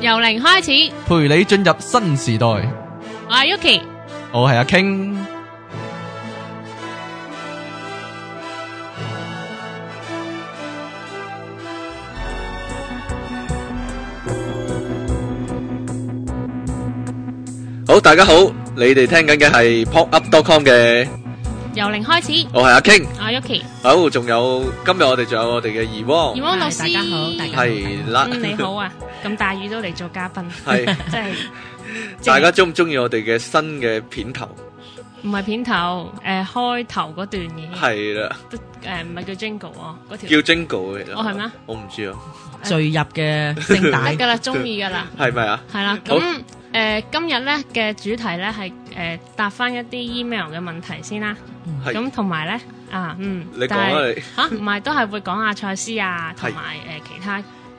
由零開始，陪你進入新時代。我係 Yuki，我係阿 King。好，大家好，你哋聽緊嘅係 Pop Up Dot Com 嘅。由零開始，我係阿 King，阿 Yuki，好，仲有今日我哋仲有我哋嘅怡汪，怡汪老師大家好，大家好，係啦，你好啊，咁大雨都嚟做嘉賓，係，即係大家中唔中意我哋嘅新嘅片頭？唔係片頭，誒開頭嗰段嘢係啦，誒唔係叫 Jingle 哦，嗰條叫 Jingle 其實哦係咩？我唔知啊，墜入嘅盛大得噶啦，中意噶啦，係咪啊？係啦，咁誒今日咧嘅主題咧係誒答翻一啲 email 嘅問題先啦，咁同埋咧啊嗯，你講啊你吓唔係都係會講下賽斯啊，同埋誒其他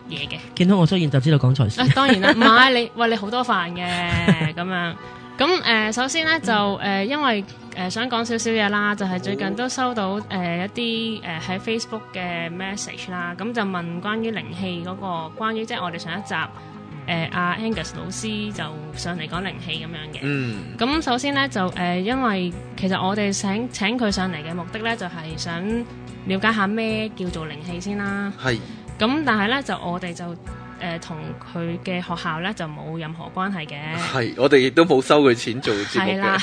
嘢嘅，見到我出現就知道講賽斯，當然啦，唔係你喂你好多飯嘅咁樣。咁誒、呃，首先咧就誒、呃，因為誒、呃、想講少少嘢啦，就係、是、最近都收到誒、呃、一啲誒喺、呃、Facebook 嘅 message 啦，咁、嗯、就問關於靈氣嗰、那個，關於即係我哋上一集誒阿、呃啊、Angus 老師就上嚟講靈氣咁樣嘅。嗯。咁首先咧就誒、呃，因為其實我哋想請佢上嚟嘅目的咧，就係、是、想了解下咩叫做靈氣先啦。係是。咁但係咧，就我哋就。誒同佢嘅學校咧就冇任何關係嘅，係我哋亦都冇收佢錢做節目嘅，係啦，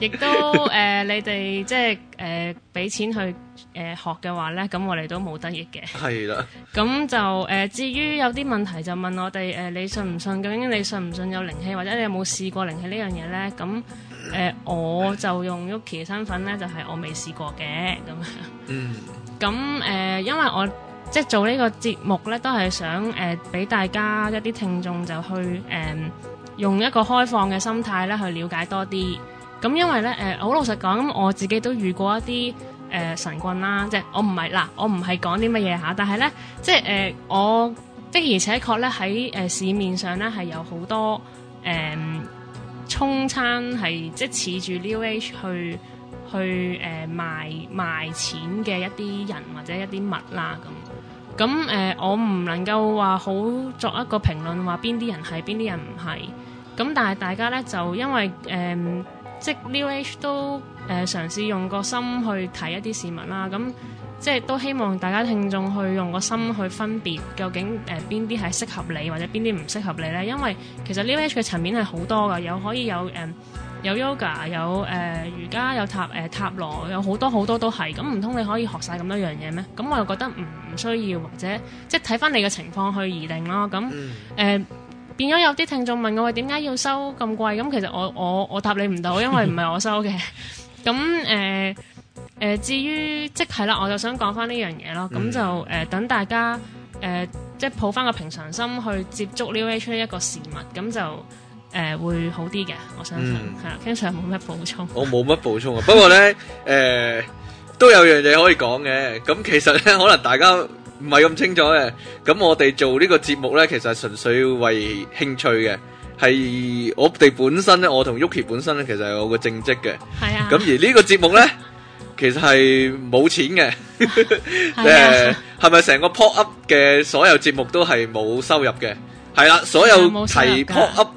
亦都誒、呃、你哋即係誒俾錢去誒、呃、學嘅話咧，咁我哋都冇得益嘅，係啦的。咁就誒、呃、至於有啲問題就問我哋誒、呃，你信唔信？究竟你信唔信有靈氣，或者你有冇試過靈氣呢樣嘢咧？咁誒、呃、我就用 Yuki 嘅身份咧，就係、是、我未試過嘅咁樣，嗯，咁誒、呃、因為我。即係做呢個節目呢，都係想誒俾、呃、大家一啲聽眾就去誒、呃、用一個開放嘅心態咧去了解多啲。咁、嗯、因為呢，誒、呃、好老實講、嗯，我自己都遇過一啲誒、呃、神棍啦，即係我唔係嗱，我唔係講啲乜嘢嚇，但係呢，即係誒、呃、我的而且確呢，喺誒、呃、市面上呢，係有好多誒充、呃、餐係即係似住 New Age 去去誒、呃、賣賣錢嘅一啲人或者一啲物啦咁。咁誒、呃，我唔能夠話好作一個評論，話邊啲人係邊啲人唔係。咁但係大家呢，就因為誒、呃，即係 New Age 都誒、呃、嘗試用個心去睇一啲事物啦。咁即係都希望大家聽眾去用個心去分別究竟誒邊啲係適合你，或者邊啲唔適合你呢？因為其實 New Age 嘅層面係好多㗎，有可以有誒。呃有 yoga 有誒、呃、瑜伽，有塔誒、呃、塔羅，有好多好多都係咁，唔通你可以學晒咁多樣嘢咩？咁我又覺得唔需要，或者即係睇翻你嘅情況去而定咯。咁誒、嗯呃、變咗有啲聽眾問我喂，點解要收咁貴？咁其實我我我答你唔到，因為唔係我收嘅。咁誒誒至於即係啦，我就想講翻呢樣嘢咯。咁、嗯、就誒、呃、等大家誒、呃、即係抱翻個平常心去接觸 New Age 一個事物，咁就。誒會好啲嘅，我相信嚇，經常冇乜補充。我冇乜補充啊，不過咧誒都有樣嘢可以講嘅。咁其實咧，可能大家唔係咁清楚嘅。咁我哋做呢個節目咧，其實純粹為興趣嘅，係我哋本身咧，我同 Yuki 本身咧，其實係有個正職嘅。係啊。咁而呢個節目咧，其實係冇錢嘅。係啊。誒係咪成個 Pop Up 嘅所有節目都係冇收入嘅？係啦，所有提 Pop Up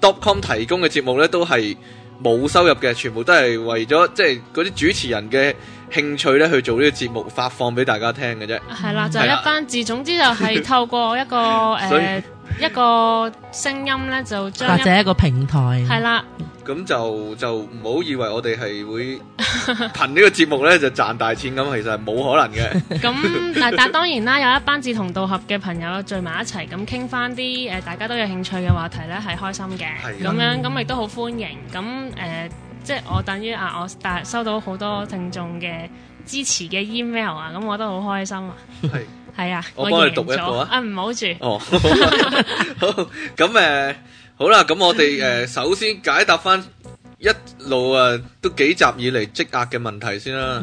dotcom 提供嘅節目咧都係冇收入嘅，全部都係為咗即係嗰啲主持人嘅興趣咧去做呢個節目，發放俾大家聽嘅啫。係啦，就係一班字，總之就係透過一個誒、呃、所以笑一個聲音咧，就將。或者一個平台。係啦。 咁就就唔好以為我哋係會憑呢個節目咧就賺大錢咁，其實係冇可能嘅。咁嗱， 但當然啦，有一班志同道合嘅朋友聚埋一齊，咁傾翻啲誒大家都有興趣嘅話題咧，係開心嘅。咁的樣咁亦都好歡迎。咁誒、呃，即係我等於啊，我但係收到好多聽眾嘅支持嘅 email 啊，咁我都好開心啊。係係啊，我幫你讀一個啊，唔 好住。哦，好咁誒。好啦，咁我哋誒，首先解答翻一路啊都幾集以嚟積壓嘅問題先啦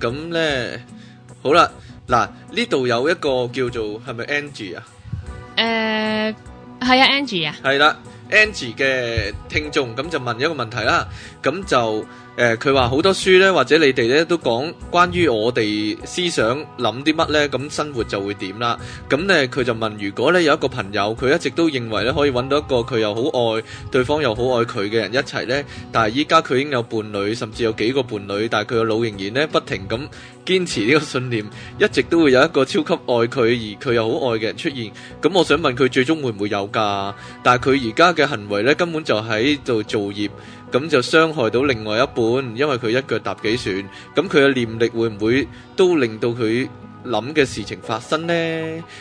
吓。咁咧，好啦，嗱呢度有一個叫做係咪 Angie 啊？誒，係啊 Angie 啊。係啦，Angie 嘅聽眾，咁就問一個問題啦，咁就。誒佢話好多書呢，或者你哋咧都講關於我哋思想諗啲乜呢？咁生活就會點啦。咁呢，佢就問：如果呢有一個朋友，佢一直都認為咧可以揾到一個佢又好愛對方又好愛佢嘅人一齊呢，但係依家佢已經有伴侶，甚至有幾個伴侶，但係佢嘅腦仍然呢不停咁堅持呢個信念，一直都會有一個超級愛佢而佢又好愛嘅人出現。咁我想問佢最終會唔會有㗎？但係佢而家嘅行為呢，根本就喺度造業。咁就傷害到另外一半，因為佢一腳踏幾船，咁佢嘅念力會唔會都令到佢諗嘅事情發生呢？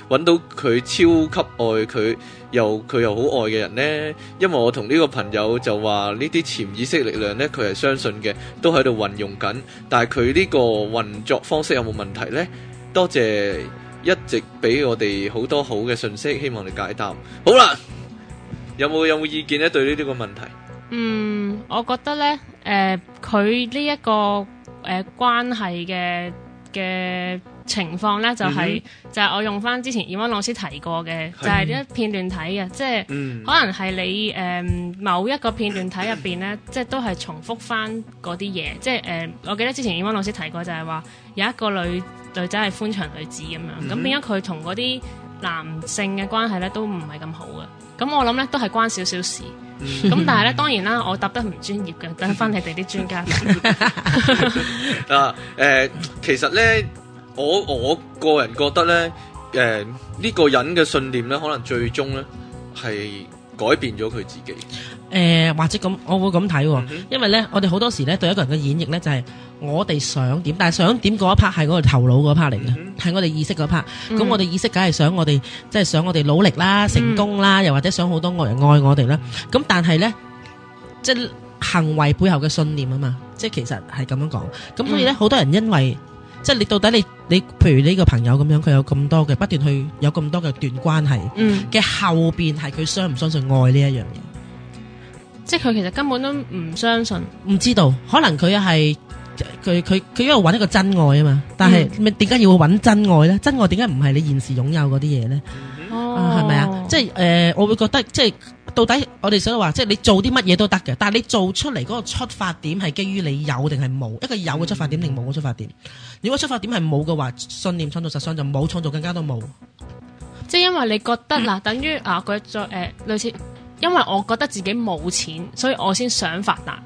揾到佢超級愛佢，又佢又好愛嘅人呢？因為我同呢個朋友就話呢啲潛意識力量呢，佢係相信嘅，都喺度運用緊，但係佢呢個運作方式有冇問題呢？多謝一直俾我哋好多好嘅信息，希望你解答。好啦，有冇有冇意見呢？對呢啲個問題？嗯，我覺得咧，誒佢呢一個誒、呃、關係嘅嘅情況咧，就係、是 mm hmm. 就係我用翻之前燕安老師提過嘅，就係、是、啲片段睇嘅，mm hmm. 即係可能係你誒、呃、某一個片段睇入邊咧，即係都係重複翻嗰啲嘢，即係誒，我記得之前燕安老師提過就，就係話有一個女女仔係歡場女子咁樣子，咁變咗佢同嗰啲男性嘅關係咧都唔係咁好嘅？咁我諗咧都係關少少事。咁、嗯、但係咧，當然啦，我答得唔專業嘅，等翻你哋啲專家。嗱，誒，其實咧，我我個人覺得咧，誒、呃，呢、這個人嘅信念咧，可能最終咧，係改變咗佢自己。誒，或者咁，我會咁睇，因為咧，我哋好多時咧對一個人嘅演繹咧，就係我哋想點，但係想點嗰一 part 係嗰個頭腦嗰 part 嚟嘅，係我哋意識嗰 part。咁我哋意識，梗係想我哋即係想我哋努力啦、成功啦，又或者想好多愛人愛我哋啦。咁但係咧，即係行為背後嘅信念啊嘛，即係其實係咁樣講。咁所以咧，好多人因為即係你到底你你，譬如呢個朋友咁樣，佢有咁多嘅不斷去有咁多嘅段關係，嘅後邊係佢相唔相信愛呢一樣嘢。即係佢其實根本都唔相信，唔知道，可能佢係佢佢佢因為揾一個真愛啊嘛，但係咪點解要揾真愛咧？真愛點解唔係你現時擁有嗰啲嘢咧？係咪啊？即係誒、呃，我會覺得即係到底我哋想話，即係你做啲乜嘢都得嘅，但係你做出嚟嗰個出發點係基於你有定係冇？一個有嘅出發點定冇嘅出發點？如果出發點係冇嘅話，信念創造實相就冇，創造更加都冇。即係因為你覺得嗱，嗯、等於啊，佢再誒類似。因為我覺得自己冇錢，所以我先想發達，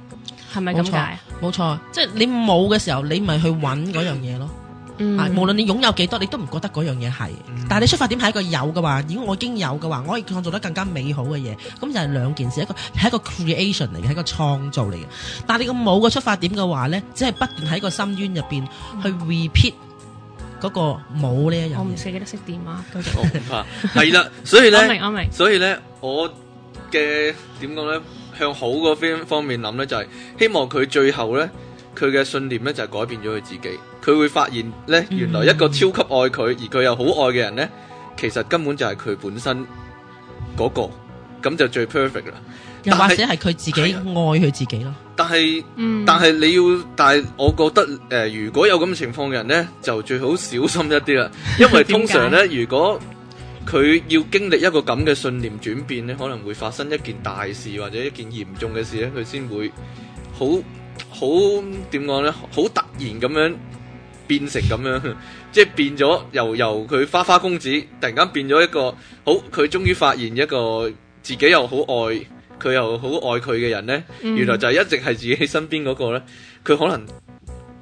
係咪咁解？冇錯，錯，即係你冇嘅時候，你咪去揾嗰樣嘢咯。嗯、無論你擁有幾多，你都唔覺得嗰樣嘢係。嗯、但係你出發點係一個有嘅話，如果我已經有嘅話，我可以創造得更加美好嘅嘢。咁就係兩件事，一個係一個 creation 嚟嘅，係一,一個創造嚟嘅。但係你個冇嘅出發點嘅話咧，只係不斷喺個深淵入邊去 repeat 嗰個冇呢一樣嘢。嗯、我唔記得識電話，多、啊、謝。係啦，所以咧， 明明所以咧，我。嘅點講呢？向好個方面諗呢，就係、是、希望佢最後呢，佢嘅信念呢，就係、是、改變咗佢自己。佢會發現呢，原來一個超級愛佢、嗯、而佢又好愛嘅人呢，其實根本就係佢本身嗰、嗰個，咁就最 perfect 啦。又或者係佢自己愛佢自己咯。但係是，嗯、但係你要，但係我覺得誒、呃，如果有咁嘅情況嘅人呢，就最好小心一啲啦。因為通常呢，如果佢要經歷一個咁嘅信念轉變咧，可能會發生一件大事或者一件嚴重嘅事咧，佢先會好好，點講呢？好突然咁樣變成咁樣， 即係變咗由由佢花花公子突然間變咗一個好，佢終於發現一個自己又好愛佢又好愛佢嘅人呢。嗯、原來就係一直係自己身邊嗰、那個咧，佢可能。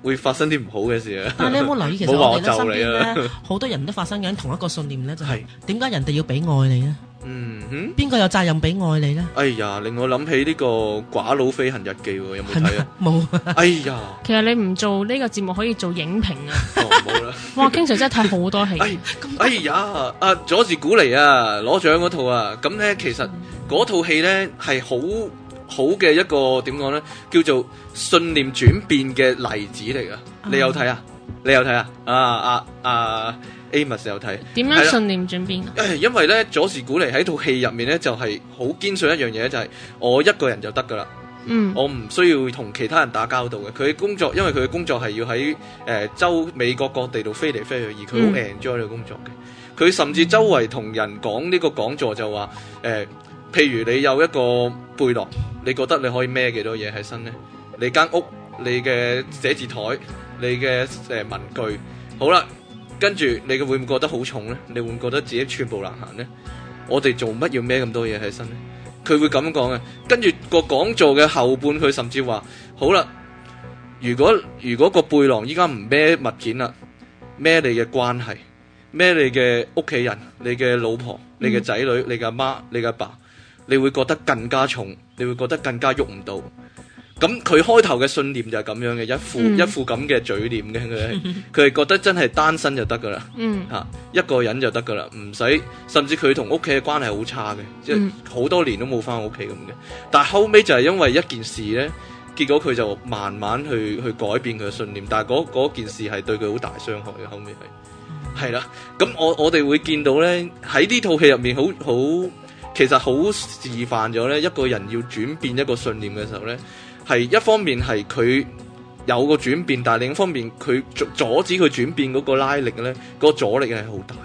會發生啲唔好嘅事啊！但你有冇留意，其實我哋喺身邊咧，好多人都發生緊同一個信念咧、就是，就係點解人哋要俾愛你咧？嗯，邊個有責任俾愛你呢？哎呀，令我諗起呢個寡佬飛行日記，有冇睇啊？冇啊。哎呀，其實你唔做呢個節目可以做影評啊！冇啦、哦。 哇，經常真係睇好多戲。哎呀，阿、啊、佐治古尼啊，攞獎嗰套啊，咁、嗯、咧其實嗰套戲咧係好。好嘅一個點講呢？叫做信念轉變嘅例子嚟噶。嗯、你有睇啊？你有睇啊？啊啊啊！Amos 有睇。點樣信念轉變啊？因為呢，佐治古尼喺套戲入面呢，就係好堅信一樣嘢，就係、是、我一個人就得噶啦。嗯，我唔需要同其他人打交道嘅。佢工作，因為佢嘅工作係要喺誒周美國各地度飛嚟飛去，而佢好 enjoy 呢個工作嘅。佢、嗯、甚至周圍同人講呢個講座就話，誒、呃，譬如你有一個背囊，你覺得你可以孭幾多嘢喺身呢？你間屋、你嘅寫字台、你嘅文具，好啦，跟住你會唔會覺得好重呢？你會唔會覺得自己寸步難行呢？我哋做乜要孭咁多嘢喺身呢？佢會咁講嘅。跟住個講座嘅後半，佢甚至話：好啦，如果如果個背囊依家唔孭物件啦，孭你嘅關係，孭你嘅屋企人、你嘅老婆、你嘅仔女、嗯、你嘅媽、你嘅爸，你會覺得更加重。你會覺得更加喐唔到，咁佢開頭嘅信念就係咁樣嘅，一副、嗯、一副咁嘅嘴臉嘅佢，佢係覺得真係單身就得噶啦，吓、嗯、一個人就得噶啦，唔使，甚至佢同屋企嘅關係好差嘅，即係好多年都冇翻屋企咁嘅。但係後尾就係因為一件事咧，結果佢就慢慢去去改變佢嘅信念，但係嗰件事係對佢好大傷害嘅。後尾係係啦，咁我我哋會見到咧，喺呢套戲入面好好，其實好示範咗咧，一個人要轉變一個信念嘅時候咧，係一方面係佢有個轉變，但係另一方面佢阻止佢轉變嗰個拉力嘅咧，個阻力係好大。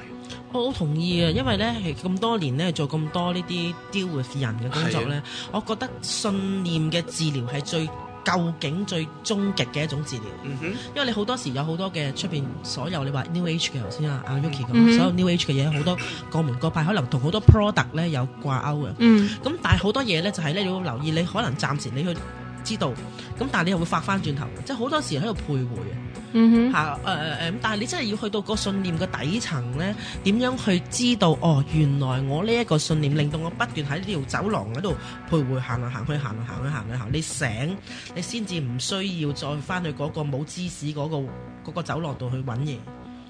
我好同意啊，因為咧咁多年咧做咁多呢啲 deal with 人嘅工作咧，是啊、我覺得信念嘅治療係最。究竟最終極嘅一種治療，嗯、哼因為你好多時有好多嘅出邊所有你話 New Age 嘅頭先啊，阿 Yuki 咁，嗯、哼所有 New Age 嘅嘢好多各門各派可能同好多 product 咧有掛鈎嘅，咁、嗯、但係好多嘢咧就係、是、咧你要留意，你可能暫時你去知道，咁但係你又會發返轉頭，即係好多時喺度徘徊。嗯哼，嚇、啊，誒誒誒，但係你真係要去到個信念嘅底層咧，點樣去知道哦？原來我呢一個信念令到我不斷喺呢條走廊喺度徘徊行啊行去行啊行去行啊行、啊啊，你醒，你先至唔需要再翻去嗰個冇芝士嗰、嗰個嗰個走廊度去揾嘢。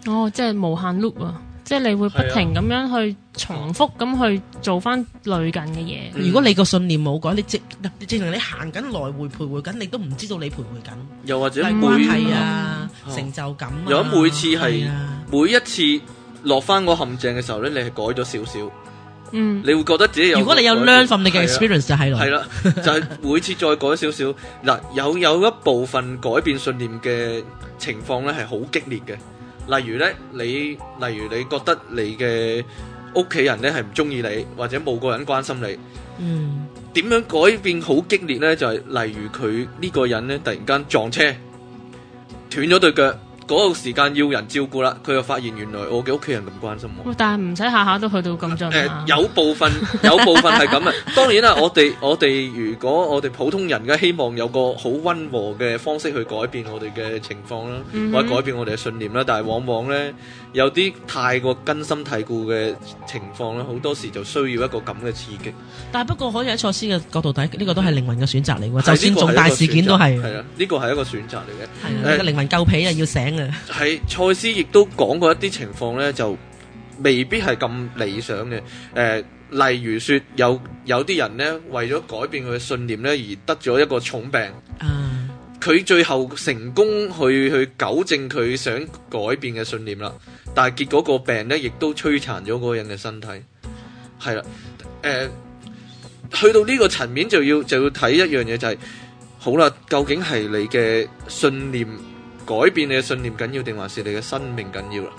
哦，即係無限 loop 啊！即係你會不停咁樣去重複咁去做翻類近嘅嘢。如果你個信念冇改，你正嗱，正常你行緊來回徘徊緊，你都唔知道你徘徊緊。又或者關係啊，成就感啊。如果每次係每一次落翻個陷阱嘅時候咧，你係改咗少少。嗯。你會覺得自己有如果你有 learn from 你嘅 experience 就係咯，係啦，就係每次再改少少嗱，有有一部分改變信念嘅情況咧係好激烈嘅。例如咧，你例如你覺得你嘅屋企人咧係唔中意你，或者冇個人關心你，嗯，點樣改變好激烈咧？就係、是、例如佢呢、這個人咧，突然間撞車，斷咗對腳。嗰個時間要人照顧啦，佢又發現原來我嘅屋企人咁關心我，但係唔使下下都去到咁盡啊。誒、呃，有部分有部分係咁啊！ 當然啦，我哋我哋如果我哋普通人嘅希望有個好溫和嘅方式去改變我哋嘅情況啦，嗯、哼或者改變我哋嘅信念啦，但係往往呢，有啲太過根深蒂固嘅情況啦，好多時就需要一個咁嘅刺激。但係不過可以喺賽斯嘅角度睇，呢、這個都係靈魂嘅選擇嚟喎。嗯、就算重大事件都係。係啊，呢個係一個選擇嚟嘅。係是啊，是個靈魂夠皮啊，要醒啊。係賽斯亦都講過一啲情況咧，就未必係咁理想嘅。誒、呃，例如説有有啲人咧，為咗改變佢嘅信念咧，而得咗一個重病。啊佢最後成功去去糾正佢想改變嘅信念啦，但係結果個病咧亦都摧殘咗嗰個人嘅身體，係啦，誒、呃，去到呢個層面就要就要睇一樣嘢就係、是，好啦，究竟係你嘅信念改變你嘅信念緊要，定還是你嘅生命緊要啦？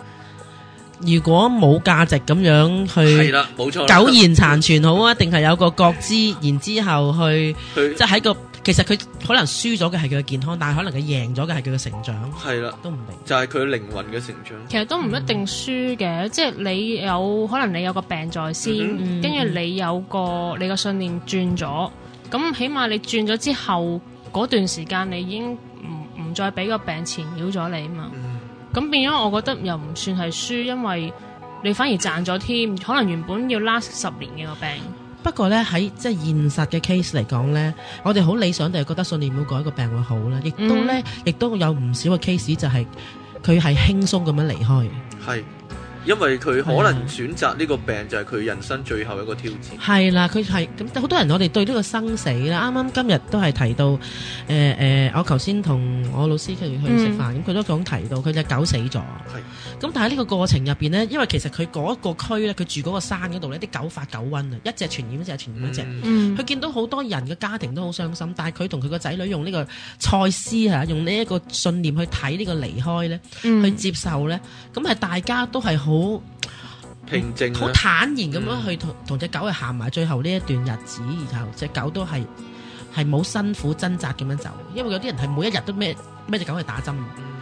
如果冇價值咁樣去，係啦，冇錯，苟延殘喘好啊，定係有個覺知， 然之後去，即係喺個。其實佢可能輸咗嘅係佢嘅健康，但係可能佢贏咗嘅係佢嘅成長。係啦的，都唔明。就係佢靈魂嘅成長。其實都唔一定輸嘅，嗯、即係你有可能你有個病在先，跟住、嗯哼嗯、你有個、嗯、你個信念轉咗，咁起碼你轉咗之後嗰段時間，你已經唔唔再俾個病纏繞咗你啊嘛。咁、嗯、變咗，我覺得又唔算係輸，因為你反而賺咗添。可能原本要 last 十年嘅個病。不過呢，喺即係現實嘅 case 嚟講呢，我哋好理想就係覺得信念會改，一個病會好咧，亦都呢，嗯、亦都有唔少嘅 case 就係佢係輕鬆咁樣離開。係。因為佢可能選擇呢個病就係、是、佢人生最後一個挑戰係啦，佢係咁好多人，我哋對呢個生死啦，啱啱今日都係提到，誒、呃、誒、呃、我頭先同我老師佢去食飯，咁佢都講提到佢隻狗死咗。係的。咁但係呢個過程入邊咧，因為其實佢嗰一個區咧，佢住嗰個山嗰度咧，啲狗發狗瘟啊，一隻傳染一隻傳染一隻，佢、嗯、見到好多人嘅家庭都好傷心，但係佢同佢個仔女用呢個賽斯啊用呢一個信念去睇呢個離開咧，嗯、去接受咧，咁係大家都係好。好平靜，好坦然咁樣去同同隻狗去行埋最後呢一段日子，然後隻狗都係係冇辛苦掙扎咁樣走，因為有啲人係每一日都咩咩隻狗去打針，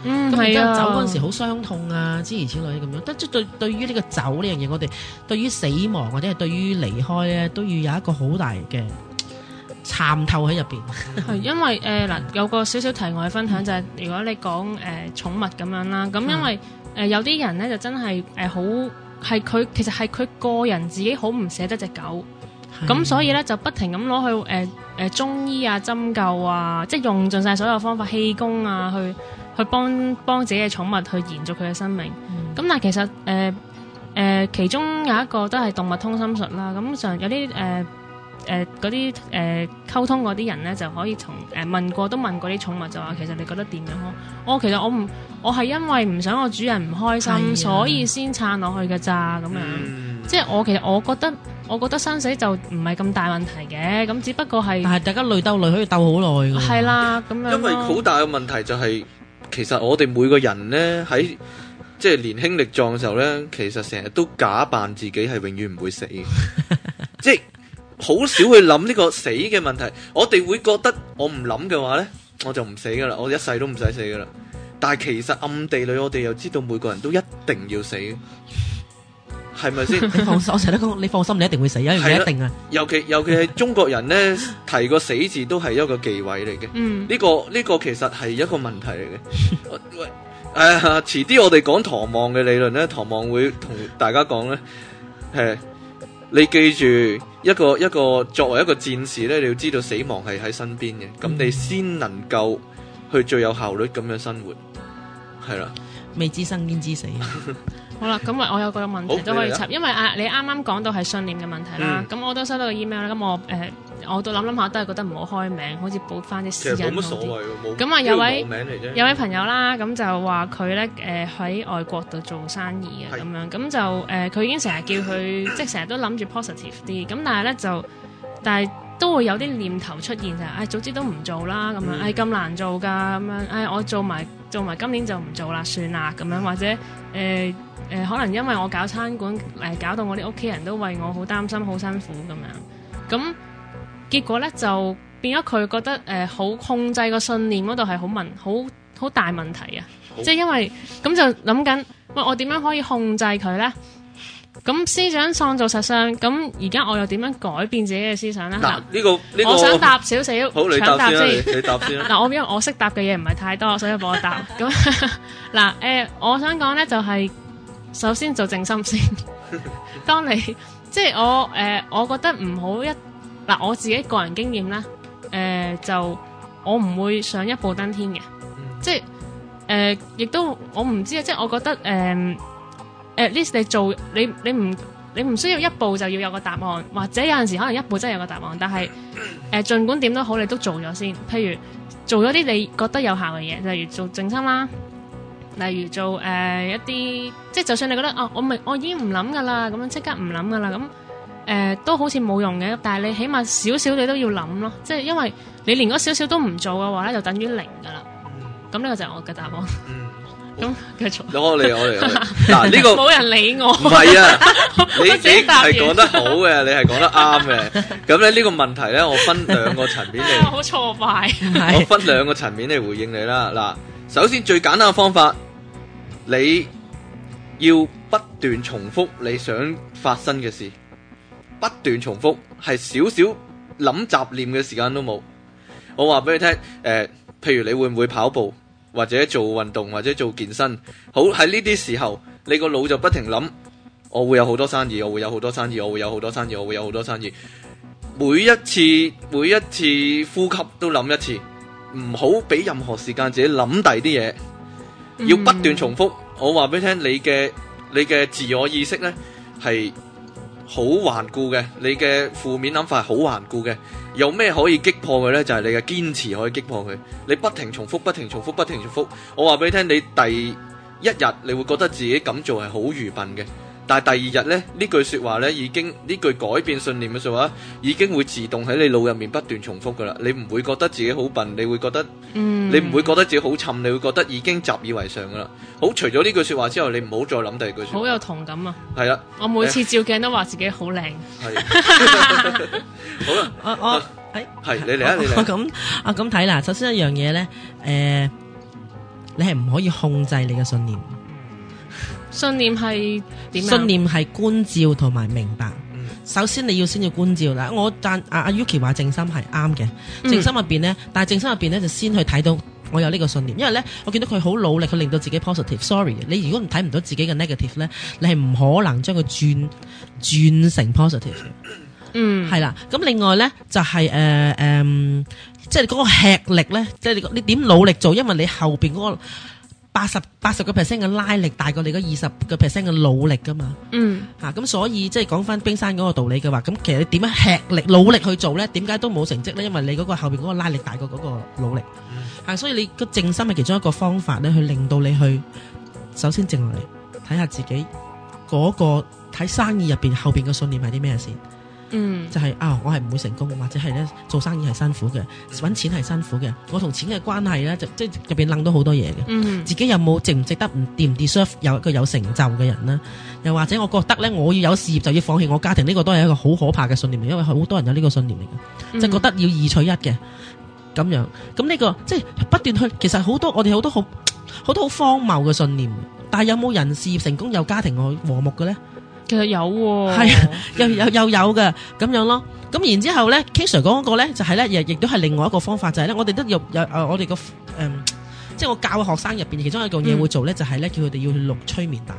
咁而、嗯、走嗰陣時好傷痛啊，嗯、啊諸如此類咁樣。得即對對於呢個走呢樣嘢，我哋對於死亡或者係對於離開咧，都要有一個好大嘅參透喺入邊。係因為誒嗱、呃，有個少少題外分享、嗯、就係，如果你講誒寵物咁樣啦，咁因為。嗯誒、呃、有啲人咧就真係誒、呃、好係佢其實係佢個人自己好唔捨得隻狗，咁的所以咧就不停咁攞去誒誒、呃呃、中醫啊針灸啊，即係用盡晒所有方法氣功啊去去幫幫自己嘅寵物去延續佢嘅生命。咁、嗯嗯、但係其實誒誒、呃呃、其中有一個都係動物通心術啦。咁、嗯、常有啲誒。呃誒，嗰啲誒溝通嗰啲人咧，就可以從誒、呃、問過都問過啲寵物，就話其實你覺得點樣？我、哦，我其實我唔，我係因為唔想我主人唔開心，的所以先撐落去嘅咋咁樣。即係我其實我覺得，我覺得生死就唔係咁大問題嘅。咁只不過係，但係大家累鬥累可以鬥好耐嘅。係啦，咁樣。因為好大嘅問題就係、是，其實我哋每個人咧喺即係年輕力壯嘅時候咧，其實成日都假扮自己係永遠唔會死，即係。好少去諗呢個死嘅問題，我哋會覺得我唔諗嘅話咧，我就唔死噶啦，我一世都唔使死噶啦。但係其實暗地裏我哋又知道，每個人都一定要死，係咪先？你放心，我成日都講，你放心，你一定會死，而一定啊。尤其尤其係中國人咧， 提個死字都係一個忌諱嚟嘅。嗯，呢個呢個其實係一個問題嚟嘅。喂、呃，誒、呃，遲啲我哋講唐望嘅理論咧，唐望會同大家講咧，係你記住。一個一個作為一個戰士咧，你要知道死亡係喺身邊嘅，咁、嗯、你先能夠去最有效率咁樣生活，係啦。未知生焉知死，啊。 好啦，咁我有個問題都可以插，因為啊，你啱啱講到係信念嘅問題啦。咁我都收到個 email 咧，咁我誒我都諗諗下，都係覺得唔好開名，好似補翻啲私隱多啲。其實冇乜所謂，咁啊有位有位朋友啦，咁就話佢咧誒喺外國度做生意嘅咁樣，咁就誒佢已經成日叫佢，即係成日都諗住 positive 啲，咁但係咧就，但係都會有啲念頭出現就係，唉，早知都唔做啦，咁樣，唉咁難做噶，咁樣，唉我做埋做埋今年就唔做啦，算啦，咁樣或者誒。誒、呃，可能因為我搞餐館，誒、呃、搞到我啲屋企人都為我好擔心，好辛苦咁樣。咁結果咧就變咗佢覺得誒，好、呃、控制個信念嗰度係好問好好大問題啊！好即係因為咁就諗緊，喂我點樣可以控制佢咧？咁思想創造實相，咁而家我又點樣改變自己嘅思想咧？嗱嘖，呢嘍、這個、這個、我想答少少好，好判 你先答先，你先答先。嗱嘢， 我因為我識答嘅嘢唔係太多，所以幫我答。咁嗱， 誒，我想講咧就係。呃呃首先做正心先，當你即係我誒、呃，我覺得唔好一嗱，我自己個人經驗啦，誒、呃、就我唔會想一步登天嘅，即係誒、呃、亦都我唔知啊，即係我覺得誒誒，呃、at least 你做你你唔你唔需要一步就要有個答案，或者有陣時可能一步真係有個答案，但係誒盡管點都好，你都做咗先，譬如做咗啲你覺得有效嘅嘢，例如做正心啦。例如做誒一啲，即係就算你覺得哦，我明，我已經唔諗噶啦，咁樣即刻唔諗噶啦，咁誒都好似冇用嘅。但係你起碼少少你都要諗咯，即係因為你連嗰少少都唔做嘅話咧，就等於零噶啦。咁呢個就係我嘅答案。嗯，咁繼續。我嚟，我嚟，我嚟。嗱，呢個冇人理我。唔係啊，你你係講得好嘅，你係講得啱嘅。咁咧呢個問題咧，我分兩個層面嚟。好挫敗。我分兩個層面嚟回應你啦。嗱。首先最簡單嘅方法，你要不斷重複你想發生嘅事，不斷重複係少少諗雜念嘅時間都冇。我話俾你聽，誒、呃，譬如你會唔會跑步或者做運動或者做健身？好喺呢啲時候，你個腦就不停諗，我會有好多生意，我會有好多生意，我會有好多生意，我會有好多生意。每一次每一次呼吸都諗一次。唔好俾任何時間自己諗第啲嘢，要不斷重複。我話俾你聽，你嘅你嘅自我意識呢係好頑固嘅，你嘅負面諗法係好頑固嘅。有咩可以擊破佢呢？就係你嘅堅持可以擊破佢。你不停重複，不停重複，不停重複。我話俾你聽，你第一日你會覺得自己咁做係好愚笨嘅。但係第二日咧，呢句說話咧，已經呢句改變信念嘅說話，已經會自動喺你腦入面不斷重複噶啦。你唔會覺得自己好笨，你會覺得，嗯，你唔會覺得自己好沉，你會覺得已經習以為常噶啦。好，除咗呢句說話之後，你唔好再諗第二句說話。好有同感啊！係啦，我每次照鏡都話自己好靚。係，好啦，我我，哎，係你嚟啊，你嚟。我咁，我咁睇啦。首先一樣嘢咧，誒，你係唔可以控制你嘅信念。信念係點啊？信念係觀照同埋明白。嗯、首先你要先要觀照啦。我但阿阿 Yuki 話正心係啱嘅。正心入邊呢，但係正心入邊呢，就先去睇到我有呢個信念。因為呢，我見到佢好努力，去令到自己 positive。Sorry，你如果唔睇唔到自己嘅 negative 呢，你唔可能將佢轉轉成 positive。嗯，係啦。咁另外呢，就係誒誒，即係嗰個吃力呢，即係你你點努力做，因為你後邊嗰個。八十八十個 percent 嘅拉力大過你嗰二十個 percent 嘅努力㗎嘛。嗯，啊咁、嗯、所以即係講返冰山嗰個道理嘅話，咁其實你點樣吃力努力去做咧，點解都冇成績咧？因為你嗰個後邊嗰個拉力大過嗰個努力，係、嗯、所以你個靜心係其中一個方法咧，去令到你去首先靜落嚟睇下看看自己嗰、嗰個喺生意入邊後邊嘅信念係啲咩先。嗯，就係、是、啊、哦，我係唔會成功，或者係咧做生意係辛苦嘅，搵錢係辛苦嘅。我同錢嘅關係咧，就即係入邊掹到好多嘢嘅。嗯、自己有冇值唔值得唔跌唔跌 s 有個有，有成就嘅人呢？又或者我覺得咧，我要有事業就要放棄我家庭，呢、呢個都係一個好可怕嘅信念嚟，因為好多人有呢個信念嚟嘅，即係、嗯、覺得要二取一嘅咁樣。咁呢、呢個即係不斷去，其實好多我哋好多好好多好荒謬嘅信念。但係有冇人事業成功有家庭愛和睦嘅咧？其實有喎，係啊，又又又有嘅咁樣咯。咁然之後咧，Kingsley 講嗰個咧就係咧，亦亦都係另外一個方法就係咧，我哋都有有誒，我哋個誒，即係我教嘅學生入邊，其中有一樣嘢會做咧，就係咧叫佢哋要錄催眠帶。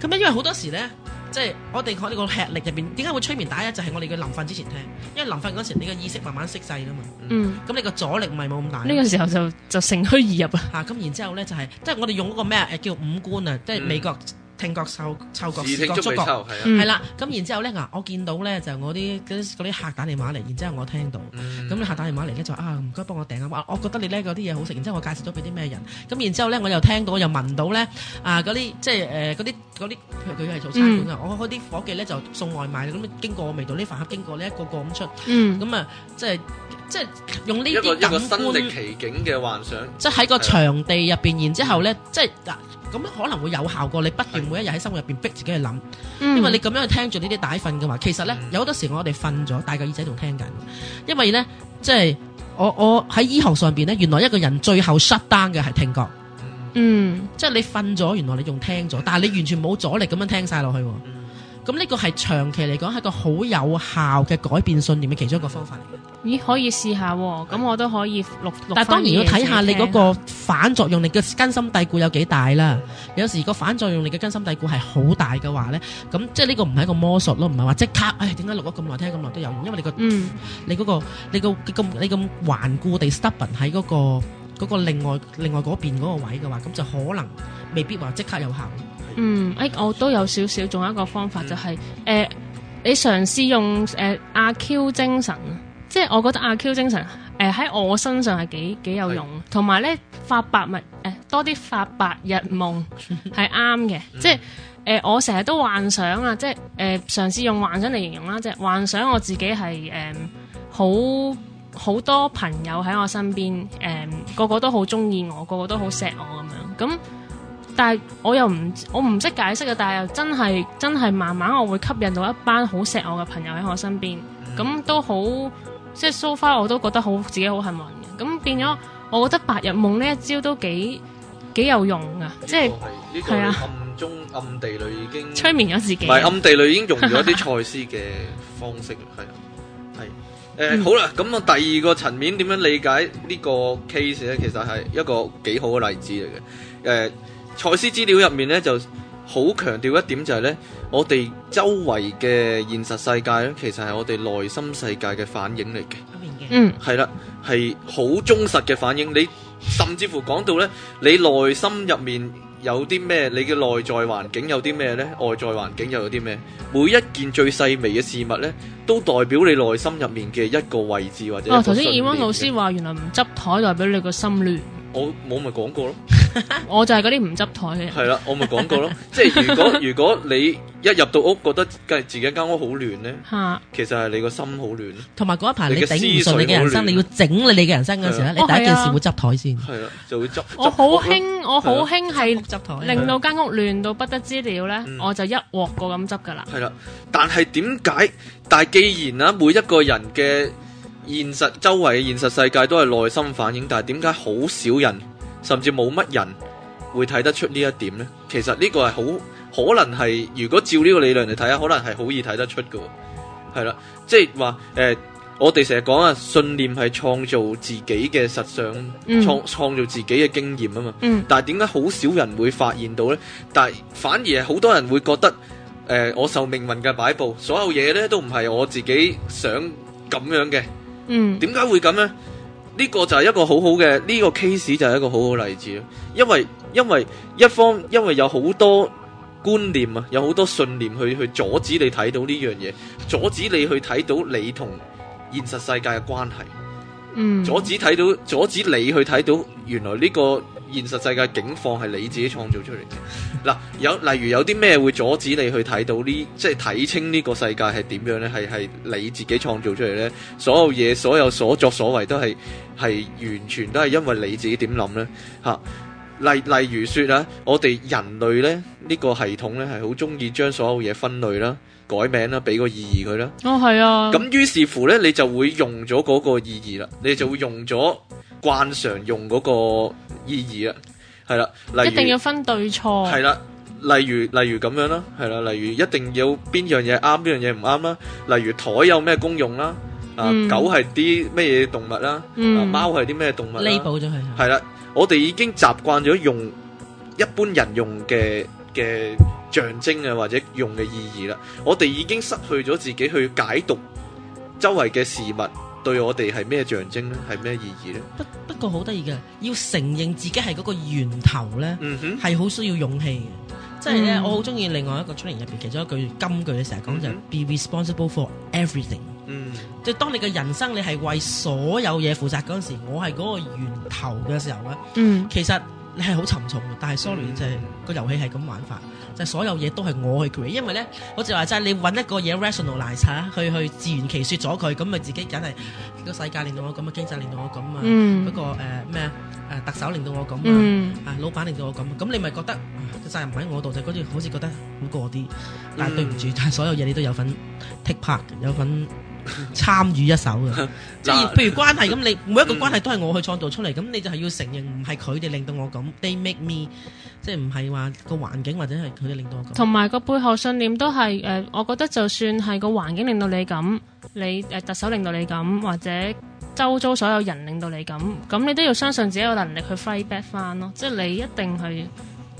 咁咧因為好多時咧，即係我哋學呢個吃力入邊，點解會催眠帶咧？就係我哋嘅臨瞓之前聽，因為臨瞓嗰時你嘅意識慢慢熄晒㗎嘛。嗯。咁你個阻力唔係冇咁大。呢個時候就就乘虛而入啊！吓，咁然之後咧就係即係我哋用嗰個咩誒叫五官啊，即係美國。聽覺、嗅嗅覺、視覺、觸覺，係啦。咁、嗯、然之後咧，嗱，我見到咧就我啲啲客打電話嚟，然之後我聽到，咁、嗯、客打電話嚟咧就啊，唔該幫我訂啊。我覺得你呢嗰啲嘢好食，然之後我介紹咗俾啲咩人。咁然之後咧，我又聽到又聞到咧啊嗰啲即係誒嗰啲嗰啲佢佢係做餐館啊。呃館嗯、我嗰啲伙計咧就送外賣，咁經過我味道呢，飯盒經過呢，一個個咁出，咁啊即係即係用呢啲感官奇景嘅幻想，即喺個場地入邊，的然之後咧即係嗱。啊咁可能會有效過你不斷每一日喺生活入邊逼自己去諗，因為你咁樣去聽住呢啲帶瞓嘅話，其實咧有好多時我哋瞓咗，大個耳仔仲聽緊，因為咧即係我我喺醫學上邊咧，原來一個人最後失單嘅係聽覺，嗯，即係你瞓咗，原來你仲聽咗，但係你完全冇阻力咁樣聽晒落去。咁呢個係長期嚟講係個好有效嘅改變信念嘅其中一個方法嚟嘅。咦？可以試下喎、哦，咁我都可以錄錄翻嘢聽。但係當然要睇下你嗰個反作用力嘅根深蒂固有幾大啦。有時個反作用力嘅根深蒂固係好大嘅話咧，咁即係呢個唔係一個魔術咯，唔係話即刻，唉、哎，點解錄咗咁耐，聽咁耐都有用？因為你個，嗯，你嗰你咁，你咁頑固地 stubborn 喺嗰、嗰個、嗰個另，另外另外嗰邊嗰個位嘅話，咁就可能未必話即刻有效。嗯，哎，我都有少少，仲有一個方法就係、是，誒、呃，你嘗試用誒阿 Q 精神，即係我覺得阿 Q 精神，誒、呃、喺我身上係幾幾有用，同埋咧發白物，誒、呃、多啲發白日夢係啱嘅， 即係，誒、呃、我成日都幻想啊，即係，誒嘗試用幻想嚟形容啦，即係幻想我自己係誒、嗯、好好多朋友喺我身邊，誒、嗯、個個都好中意我，個個都好錫我咁樣，咁。嗯但係我又唔我唔識解釋啊！但係又真係真係慢慢我會吸引到一班好錫我嘅朋友喺我身邊，咁、嗯、都好即係 so far 我都覺得好自己好幸運嘅。咁變咗，我覺得白日夢呢一招都幾幾有用噶，即係係啊暗中啊暗地裏已經催眠咗自己，唔係暗地裏已經用咗啲賽斯嘅方式，係係誒好啦。咁我第二個層面點樣理解個呢個 case 咧？其實係一個幾好嘅例子嚟嘅誒。呃蔡司資料入面咧就好強調一點就係咧，我哋周圍嘅現實世界咧，其實係我哋內心世界嘅反映嚟嘅。嗯，係啦，係好忠實嘅反映。你甚至乎講到咧，你內心入面有啲咩，你嘅內在環境有啲咩咧，外在環境又有啲咩，每一件最細微嘅事物咧，都代表你內心入面嘅一個位置或者。哦，頭先以溫老師話，原來唔執枱代表你個心亂。我我，咪講過咯，我就係嗰啲唔執台嘅人。係啦，我咪講過咯，即係如果如果，你一入到屋覺得計自己間屋好亂咧，吓，其實係你個心好亂。同埋嗰一排你頂唔順你嘅人生，你要整理你嘅人生嘅時候，你第一件事會執台先。係啦，就會執。我好興，我好興係執台令到間屋亂到不得之了咧，我就一鑊過咁執噶啦。係啦，但係點解？但係既然啦，每一個人嘅。現實周圍嘅現實世界都係內心反應，但係點解好少人甚至冇乜人會睇得出呢一點呢？其實呢個係好可能係，如果照呢個理論嚟睇啊，可能係好易睇得出嘅，係啦，即係話誒，我哋成日講啊，信念係創造自己嘅實相，創創造自己嘅經驗啊嘛，但係點解好少人會發現到呢？但係反而係好多人會覺得誒，我受命運嘅擺布，所有嘢咧都唔係我自己想咁樣嘅。嗯，點解會咁呢？呢個就係一個好好嘅，呢個 case，就係一個好好例子。因為因為一方，因為有好多觀念啊，有好多信念去去阻止你睇到呢樣嘢，阻止你去睇到你同現實世界嘅關係。嗯，阻止睇到，阻止你去睇到，原來呢個現實世界境況係你自己創造出嚟嘅。嗱，有例如有啲咩會阻止你去睇到呢？即係睇清呢個世界係點樣呢？係係你自己創造出嚟呢？所有嘢，所有所作所為都係係完全都係因為你自己點諗呢？吓，例例如說啊，我哋人類呢，呢個系統呢，係好中意將所有嘢分類啦。改名啦，俾個意義佢啦。哦，係啊。咁於是乎咧，你就會用咗嗰個意義啦，你就會用咗慣常用嗰個意義啊。係啦，例一定要分對錯。係啦、啊，例如例如咁樣啦，係啦，例如一定要邊樣嘢啱，邊樣嘢唔啱啦。例如枱、啊、有咩功用啦？啊，嗯、狗係啲咩嘢動物啦？嗯，貓係啲咩動物？彌補咗佢。係啦、啊，我哋已經習慣咗用一般人用嘅。嘅象徵啊，或者用嘅意義啦，我哋已經失去咗自己去解讀周圍嘅事物對我哋係咩象徵咧、啊，係咩意義咧？不不過好得意嘅，要承認自己係嗰個源頭咧，係好、嗯、哼需要勇氣嘅。即係咧，嗯、我好中意另外一個出嚟入邊其中一句、嗯、金句，嘅成日講就 be responsible for everything。嗯，即係當你嘅人生你係為所有嘢負責嗰陣時，我係嗰個源頭嘅時候咧，嗯，其實。你係好沉重嘅，但係 sorry，、嗯、就係、是、個遊戲係咁玩法，嗯、就所有嘢都係我去 create 因為咧，我就話就係你揾一個嘢 rationalize，去去自圓其説咗佢，咁咪自己梗係個世界令到我咁啊，經濟令到我咁啊，嗰個誒咩誒特首令到我咁、嗯、啊，老闆令到我咁，咁你咪覺得責任唔喺我度，就好似覺得好過啲，嗱對唔住，但係、嗯、所有嘢你都，都有份 take part，有份。參與一手嘅，即係譬如關係咁，你每一個關係都係我去創造出嚟，咁你就係要承認唔係佢哋令到我咁，They make me，即係唔係話個環境或者係佢哋令到我咁。同埋個背後信念都係誒，我覺得就算係個環境令到你咁，你誒特首令到你咁，或者周遭所有人令到你咁，咁你都要相信自己有能力去 fight back 翻咯，即係你一定係。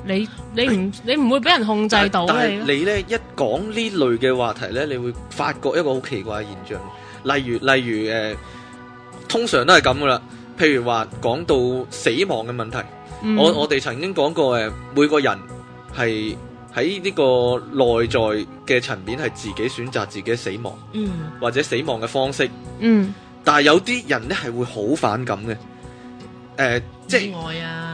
你你唔你唔會俾人控制到。但係你咧呢一講呢類嘅話題咧，你會發覺一個好奇怪嘅現象。例如例如誒、呃，通常都係咁噶啦。譬如話講到死亡嘅問題，嗯、我我哋曾經講過誒、呃，每個人係喺呢個內在嘅層面係自己選擇自己死亡，嗯、或者死亡嘅方式。嗯。但係有啲人咧係會好反感嘅，誒、呃。即係，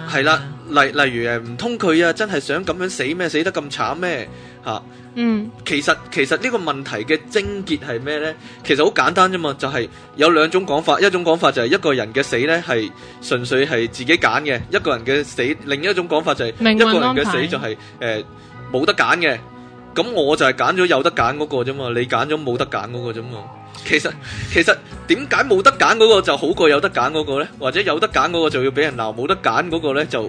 係啦、嗯，例例如誒，唔通佢啊，真係想咁樣死咩？死得咁慘咩？吓、啊，嗯其，其實其實呢個問題嘅症結係咩咧？其實好簡單啫嘛，就係、是、有兩種講法，一種講法就係一個人嘅死咧係純粹係自己揀嘅，一個人嘅死，另一種講法就係一個人嘅死就係誒冇得揀嘅。咁我就係揀咗有得揀嗰個啫嘛，你揀咗冇得揀嗰個啫嘛。其實其實點解冇得揀嗰個就好過有得揀嗰個咧？或者有得揀嗰個就要俾人鬧，冇得揀嗰個咧就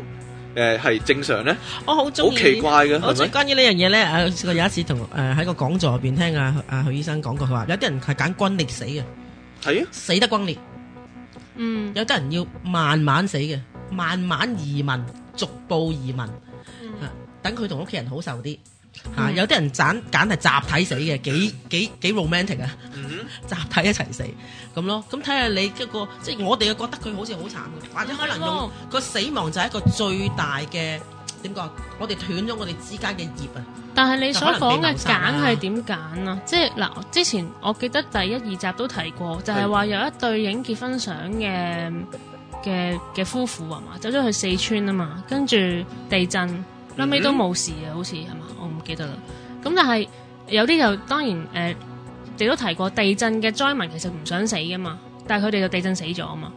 誒係正常咧？我好中意，好奇怪嘅。我最關於呢樣嘢咧，誒，我有一次同誒喺個講座入邊聽阿阿許醫生講過，佢話有啲人係揀轟烈死嘅，係啊，死得轟烈。嗯，有啲人要慢慢死嘅，慢慢移民，逐步移民，吓等佢同屋企人好受啲。吓、嗯啊，有啲人揀揀係集體死嘅，幾幾幾 romantic 啊！嗯、集體一齊死咁咯，咁睇下你一、那個，即、就、係、是、我哋嘅覺得佢好似好慘，或者可能用個、嗯嗯、死亡就係一個最大嘅點講，我哋斷咗我哋之間嘅業啊！但係你所講嘅揀係點揀啊？即係嗱，之前我記得第一二集都提過，就係、是、話有一對影結婚相嘅嘅嘅夫婦啊嘛，走咗去四川啊嘛，跟住地震。嗯、後尾都冇事啊，好似係嘛，我唔記得啦。咁但係有啲就，當然誒，亦、呃、都提過地震嘅災民其實唔想死噶嘛，但係佢哋就地震死咗啊嘛。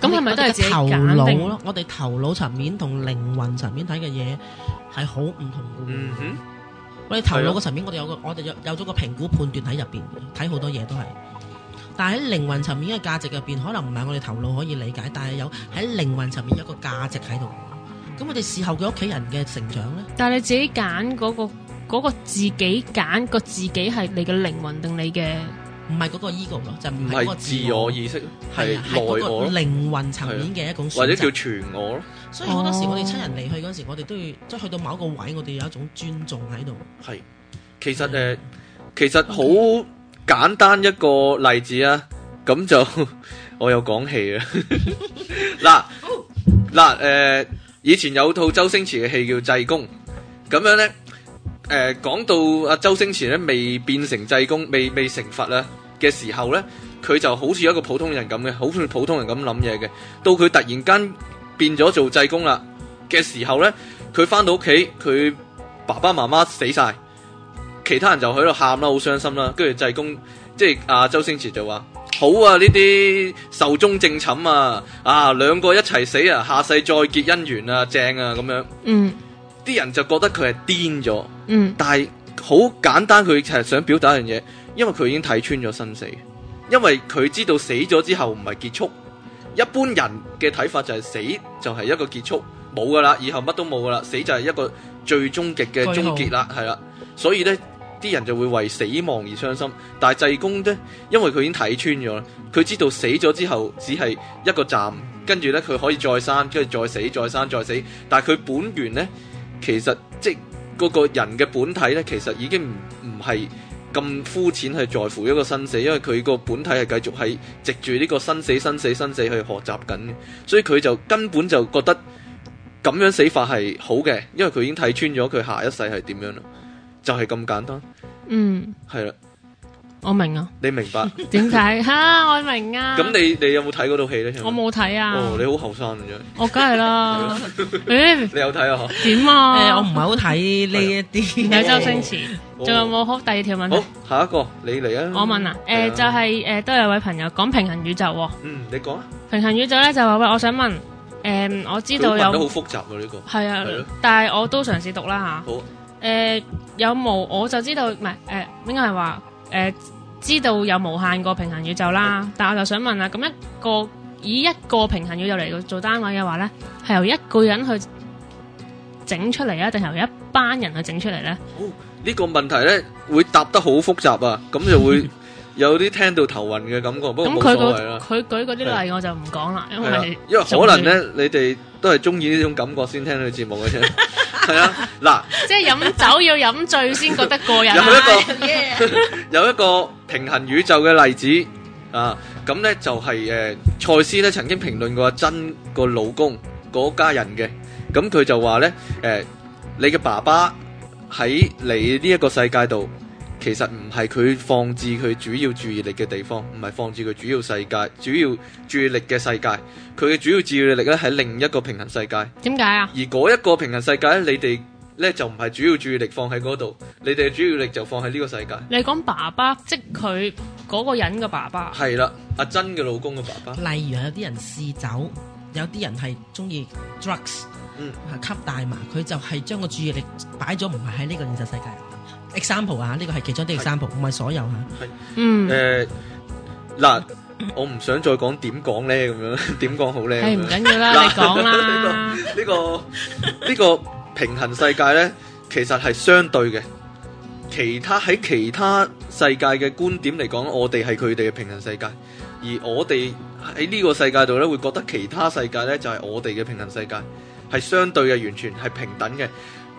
咁係咪都係頭腦咯？我哋頭腦層面同靈魂層面睇嘅嘢係好唔同嘅。嗯、哼我哋頭腦嘅層面，我哋有個我哋有咗個評估判斷喺入邊，睇好多嘢都係。但係喺靈魂層面嘅價值入邊，可能唔係我哋頭腦可以理解，但係有喺靈魂層面有個價值喺度。咁我哋事後嘅屋企人嘅成長咧，但係你自己揀嗰、嗰個，嗰個自己揀個自己係你嘅靈魂定你嘅，唔係嗰個 ego 咯，就唔、是、係自、自我意識，係內我靈、啊、魂層面嘅一種，或者叫全我咯。所以好多時我哋親人離去嗰時，我哋都要，即係、oh. 去到某一個位，我哋有一種尊重喺度。係，其實誒是、呃，其實好簡單一個例子啊，咁 Okay. 就我有講氣、 呃、啊，嗱嗱誒。以前有套周星馳嘅戲叫《濟公》，咁樣呢，誒、呃，講到阿周星馳咧未變成濟公，未未成佛啦嘅時候咧，佢就好似一個普通人咁嘅，好似普通人咁諗嘢嘅。到佢突然間變咗做濟公啦嘅時候咧，佢返到屋企，佢爸爸媽媽死晒，其他人就喺度喊啦，好傷心啦。跟住濟公，即係阿周星馳就話。好啊！呢啲壽終正寢啊，啊兩個一齊死啊，下世再結姻緣啊，正啊咁樣。嗯，啲人就覺得佢係癲咗。嗯，但係好簡單，佢係想表達一樣嘢，因為佢已經睇穿咗生死，因為佢知道死咗之後唔係結束。一般人嘅睇法就係死就係一個結束，冇噶啦，以後乜都冇噶啦，死就係一個最終極嘅終結啦，係啦好，所以呢。啲人就會為死亡而傷心，但係濟公呢，因為佢已經睇穿咗啦，佢知道死咗之後只係一個站，跟住呢，佢可以再生，跟住再死，再生，再死。但係佢本源呢，其實即嗰、那個人嘅本體呢，其實已經唔唔係咁膚淺，去在乎一個生死，因為佢個本體係繼續係藉住呢個生死、生死、生死去學習緊嘅，所以佢就根本就覺得咁樣死法係好嘅，因為佢已經睇穿咗佢下一世係點樣啦，就係、是、咁簡單。嗯，係啦，我明啊，你明白點解吓？我明啊。咁你你有冇睇嗰套戲咧？我冇睇啊。哦，你好後生啊，咁樣。我梗係啦。誒，你有睇啊？點啊？誒，我唔係好睇呢一啲。有周星馳。仲有冇好第二條問題？好，下一個你嚟啊。我問啊，誒，就係誒，都係有位朋友講平行宇宙。嗯，你講啊。平行宇宙咧就話喂，我想問，誒，我知道有。我覺得好複雜噶呢個。係啊。係咯。但係我都嘗試讀啦吓。好。誒，有無我就知道，唔係誒，應該係話誒，知道有無限個平行宇宙啦。但我就想問啦，咁一個以一個平行宇宙嚟做單位嘅話咧，係由一個人去整出嚟啊，定係由一班人去整出嚟咧？呢個問題咧會答得好複雜啊，咁就會。有啲聽到頭暈嘅感覺，不過冇所謂啦。佢舉嗰啲例我就唔講啦，因為因為可能咧，你哋都係中意呢種感覺先聽到節目嘅啫。係啊，嗱，即係飲酒要飲醉先覺得過癮啦。有一個有一個平行宇宙嘅例子啊，咁咧就係誒賽斯咧曾經評論過真個老公嗰家人嘅，咁佢就話咧誒，你嘅爸爸喺你呢一個世界度。其實唔係佢放置佢主要注意力嘅地方，唔係放置佢主要世界、主要注意力嘅世界。佢嘅主要注意力咧喺另一個平行世界。點解啊？而嗰一個平行世界咧，你哋咧就唔係主要注意力放喺嗰度，你哋嘅主要力就放喺呢個世界。你講爸爸，即係佢嗰個人嘅爸爸。係啦，阿珍嘅老公嘅爸爸。例如有啲人試酒，有啲人係中意 drugs，嗯，吸大麻，佢就係將個注意力擺咗唔係喺呢個現實世界。example 啊，呢個係其中啲 example，唔係所有吓。係，嗯，誒，嗱,我唔想再講點講咧，咁樣點講好咧？係唔緊要啦，你講啦。呢個呢個呢個平行世界咧，其實係相對嘅。其他喺其他世界嘅觀點嚟講，我哋係佢哋嘅平行世界，而我哋喺呢個世界度咧，會覺得其他世界咧就係我哋嘅平行世界，係相對嘅，完全係平等嘅。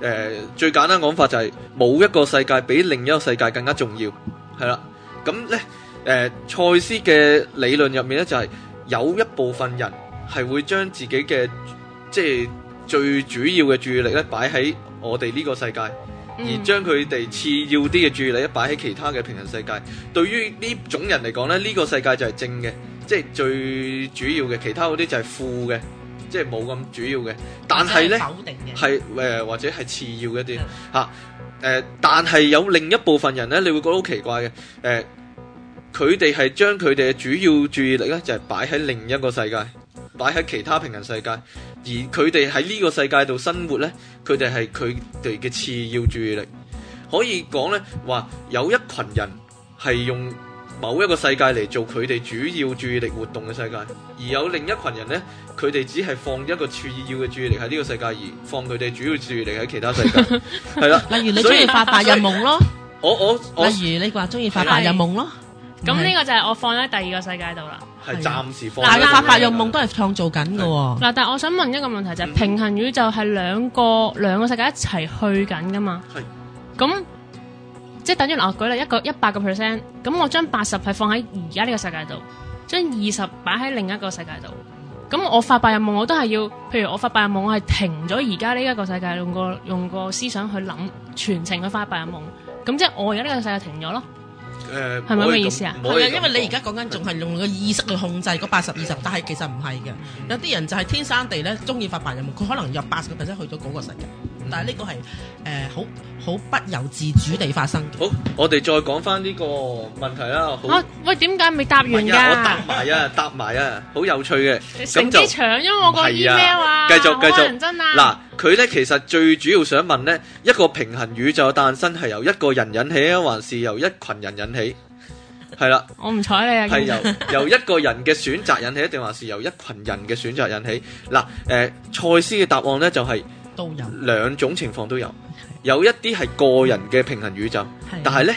誒、呃，最簡單講法就係、是、冇一個世界比另一個世界更加重要，係啦。咁咧，誒、呃，賽斯嘅理論入面咧就係、是、有一部分人係會將自己嘅即係最主要嘅注意力咧擺喺我哋呢個世界，嗯，而將佢哋次要啲嘅注意力咧擺喺其他嘅平行世界。對於呢種人嚟講咧，呢，這個世界就係正嘅，即係最主要嘅，其他嗰啲就係負嘅。即係冇咁主要嘅，但係呢，係誒或者係、呃、次要一啲吓誒，但係有另一部分人呢，你會覺得好奇怪嘅誒，佢哋係將佢哋嘅主要注意力呢，就係、是、擺喺另一個世界，擺喺其他平行世界，而佢哋喺呢個世界度生活呢，佢哋係佢哋嘅次要注意力，可以講呢，話有一群人係用某一個世界嚟做佢哋主要注意力活動嘅世界，而有另一群人咧，佢哋只係放一個次要嘅注意力喺呢個世界，而放佢哋主要注意力喺其他世界，係啦。例如你中意發白日夢咯，我我例如你話中意發白日夢咯，咁呢個就係我放喺第二個世界度啦。係暫時放，但係嗱，發白日夢都係創造緊噶。嗱，但係我想問一個問題就係，平衡宇宙係兩個兩個世界一齊去緊噶嘛？係咁。即係等於例如舉例一個一百個 percent，咁我將八十係放喺而家呢個世界度，將二十擺喺另一個世界度。咁我發白日夢我都係要，譬如我發白日夢，我係停咗而家呢一個世界，用個用個思想去諗全程去發白日夢。咁即係我而家呢個世界停咗咯。誒，係咪咁嘅意思啊？係啊，因為你而家講緊仲係用個意識去控制嗰八十二十，20, 但係其實唔係嘅。有啲人就係天生地咧中意發白日夢，佢可能有八十 percent 去咗嗰個世界，但係呢個係誒、呃、好好不由自主地發生嘅。好，我哋再講翻呢個問題啦。好，喂，點解未答完噶、啊？我答埋啊，答埋啊，好有趣嘅。 你整機場，因為我個 email 啊，繼續繼續。續真啊！嗱。佢咧其實最主要想問咧，一個平衡宇宙嘅誕生係由一個人引起咧，還是由一群人引起？係 啦，我唔睬你呀。係 由由一個人嘅選擇引起，定還是由一群人嘅選擇引起？嗱，誒、呃，賽斯嘅答案咧就係都有兩種情況都有，都有，對有一啲係個人嘅平衡宇宙，對但係咧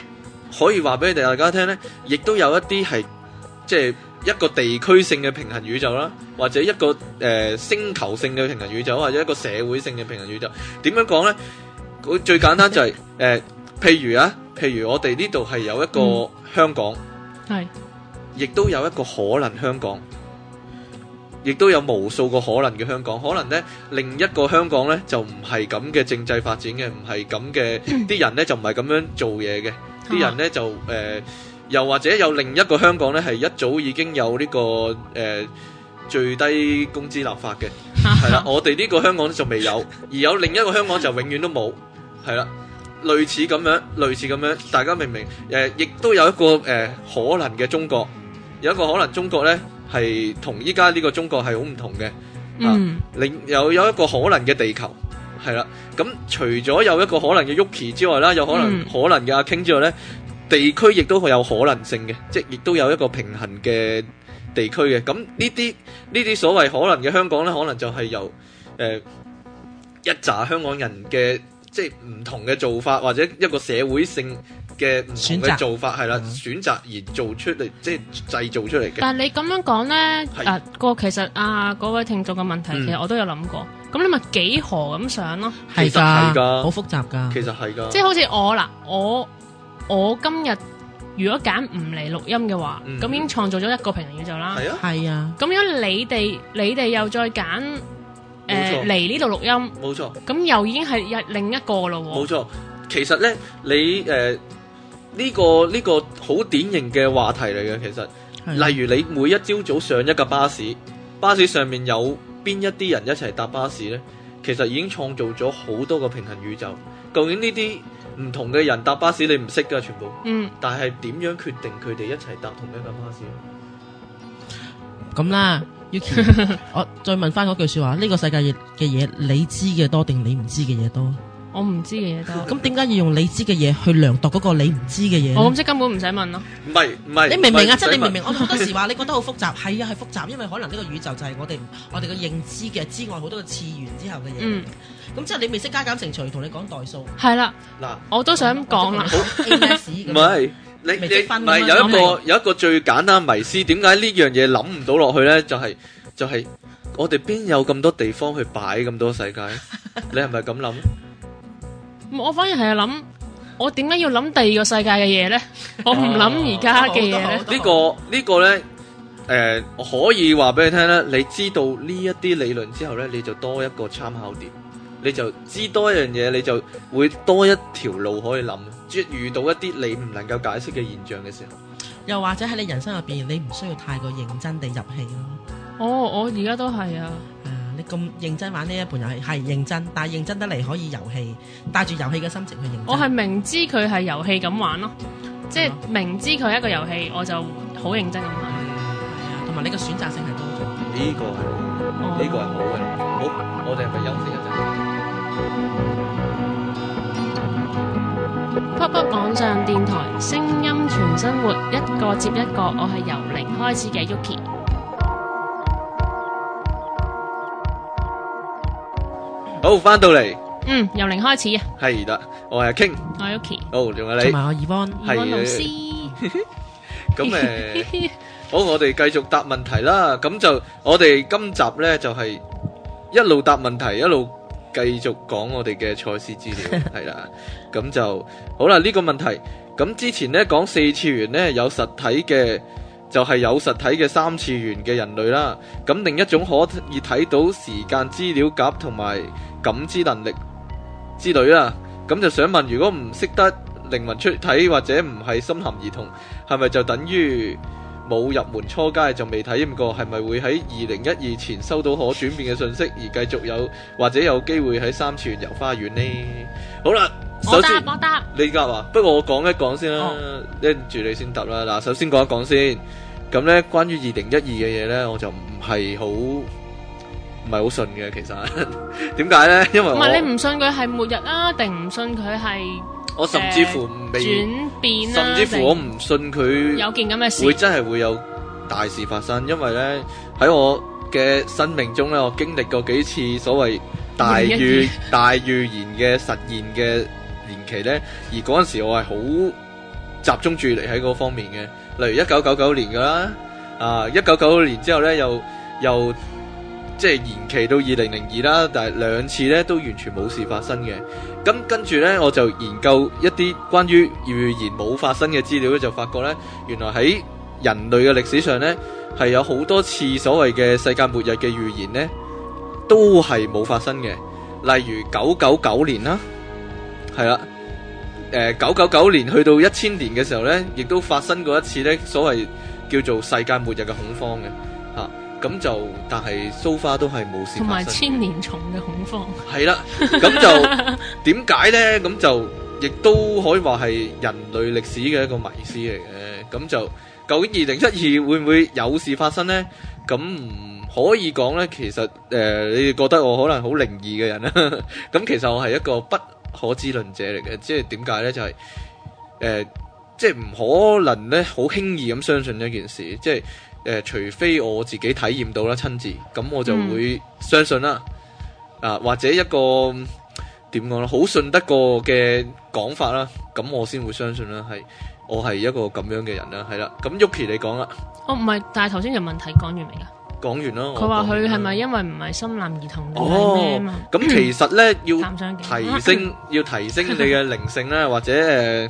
可以話俾你哋大家聽咧，亦都有一啲係即係。一個地區性嘅平衡宇宙啦，或者一個誒星球性嘅平衡宇宙，或者一個社會性嘅平衡宇宙，點樣講呢？佢最簡單就係誒，譬如啊，譬如我哋呢度係有一個香港，係，亦都有一個可能香港，亦都有無數個可能嘅香港。可能呢，另一個香港呢，就唔係咁嘅政制發展嘅，唔係咁嘅。啲人呢就唔係咁樣做嘢嘅，啲人呢就誒。又或者有另一個香港咧，係一早已經有呢個誒最低工資立法嘅，係啦。我哋呢個香港就未有，而有另一個香港就永遠都冇，係啦。類似咁樣，類似咁樣，大家明明誒，亦都有一個誒可能嘅中國，有一個可能中國咧，係同依家呢個中國係好唔同嘅。嗯，另有有一個可能嘅地球，係啦。咁除咗有一個可能嘅 Yuki 之外啦，有可能可能嘅阿 King 之外咧。地區亦都好有可能性嘅，即亦都有一個平衡嘅地區嘅。咁呢啲呢啲所謂可能嘅香港呢，可能就係由誒、呃、一紮香港人嘅即係唔同嘅做法，或者一個社會性嘅唔同嘅做法係啦擇，選擇而做出嚟，即係製造出嚟嘅。但係你咁樣講呢，嗱個的、呃、其實啊，嗰位聽眾嘅問題其實我都有諗過。咁、嗯、你咪幾何咁想咯？係㗎，好的複雜㗎。其實係㗎，即係好似我啦，我。我今日如果揀唔嚟錄音嘅話，咁、嗯、已經創造咗一個平行宇宙啦。係啊，係啊。咁樣你哋你哋又再揀誒嚟呢度錄音，冇錯。咁又已經係另一個咯喎。冇錯，其實咧，你誒呢、呃呢個呢、呢個好典型嘅話題嚟嘅，其實。的例如你每一朝早上一個巴士，巴士上面有邊一啲人一齊搭巴士咧？其實已經創造咗好多個平衡宇宙。究竟呢啲唔同嘅人搭巴士你，你唔識噶全部。嗯。但係點樣決定佢哋一齊搭同一架巴士？咁啦 y 我再問翻嗰句說話：呢、這個世界嘅嘢，你知嘅多定你唔知嘅嘢多？我唔知嘅嘢，咁點解要用你知嘅嘢去量度嗰個你唔 知嘅嘢？我即係根本唔使問咯。唔係唔係， 你明明啊， 即係你明明，我好多時話你覺得好複雜，係啊，係複雜，因為可能呢個宇宙就係我哋我哋嘅認知嘅之外好多嘅次元之後嘅嘢。咁、 嗯、即係你未識加減乘除，同你講代數。係啦，嗱， 嗯、 我都想講啦，好 i n 唔係你 樣你唔係有一個有一個最簡單迷思，點解呢樣嘢諗唔到落去咧？就係、是、就係、是、我哋邊有咁多地方去擺咁多世界？你係咪咁諗？我反而係諗，我點解要諗第二個世界嘅嘢呢？我唔諗而家嘅嘢咧。呢 哦，這個這個呢個咧，誒、呃，我可以話俾你聽咧。你知道呢一啲理論之後呢，你就多一個參考點，你就知多一樣嘢，你就會多一條路可以諗。即遇到一啲你唔能夠解釋嘅現象嘅時候，又或者喺你人生入邊，你唔需要太過認真地入戲咯。哦，我而家都係啊。咁認真玩呢一盤遊戲係認真，但係認真得嚟可以遊戲，帶住遊戲嘅心情去認真。我係明知佢係遊戲咁玩咯，嗎即係明知佢一個遊戲，我就好認真咁玩。同埋、啊、你嘅選擇性係多咗。呢個係呢、哦這個係好嘅，好、嗯哦。我哋係咪休息一陣？北北網上電台，聲音全生活，一個接一個。我係由零開始嘅 Yuki。好，翻到嚟，嗯，由零開始啊，係啦，我係 King，我係 Yuki，哦，仲有你，同埋我 Yvonne，Yvonne 老師，咁誒，好，我哋繼續答問題啦，咁就我哋今集咧就係、是、一路答問題，一路繼續講我哋嘅賽斯資料，係啦， 咁就好啦，呢、這個問題，咁之前咧講四次元咧有實體嘅。就係有實體嘅三次元嘅人類啦，咁另一種可以睇到時間資料夾同埋感知能力之類啦，咁就想問，如果唔識得靈魂出體或者唔係深含兒童，係咪就等於冇入門初階就未體驗過，係咪會喺二零一二前收到可轉變嘅信息而繼續有或者有機會喺三次元遊花園呢？好啦。我答，我答。你答啊！不過我講一講先啦，跟住你先答啦。嗱，首先講一講先。咁咧，關於二零一二嘅嘢咧，我就唔係好唔係好信嘅。其實點解咧？因為我唔係，你唔信佢係末日啦，定唔信佢係？我甚至乎未轉變，甚至乎我唔信佢有件咁嘅事會真係會有大事發生。因為咧，喺我嘅生命中咧，我經歷過幾次所謂大預大預言嘅實驗嘅。延期咧，而嗰陣時我係好集中注意力喺嗰方面嘅，例如一九九九年噶啦，啊一九九九年之後呢，又又即係延期到二零零二啦，但係兩次呢都完全冇事發生嘅。咁跟住呢，我就研究一啲關於預言冇發生嘅資料咧，就發覺呢，原來喺人類嘅歷史上呢，係有好多次所謂嘅世界末日嘅預言呢都係冇發生嘅，例如九九九年啦。係啦，誒，九九九年去到一千年嘅時候呢，亦都發生過一次呢，所謂叫做世界末日嘅恐慌嘅，吓，咁就但係蘇花都係冇事。同埋千年蟲嘅恐慌。係啦，咁就點解呢？咁就亦都可以話係人類歷史嘅一個迷思嚟嘅。咁就究竟二零一二會唔會有事發生呢？咁唔可以講呢，其實誒，你哋覺得我可能好靈異嘅人啦。咁其實我係一個不。可知論者嚟嘅，即係點解呢？就係、是、誒、呃，即係唔可能呢，好輕易咁相信呢件事，即係誒、呃，除非我自己體驗到啦，親自咁我就會相信啦。嗯、啊，或者一個點講呢？好信得過嘅講法啦，咁我先會相信啦，係我係一個咁樣嘅人啦，係啦。咁 Yuki 你講啦，哦唔係，但係頭先嘅問題講完未噶？講完咯，佢話佢係咪因為唔係深藍兒童嚟？咩啊嘛？咁、哦、其實咧 要提升， 要提升你嘅靈性咧，或者誒、呃，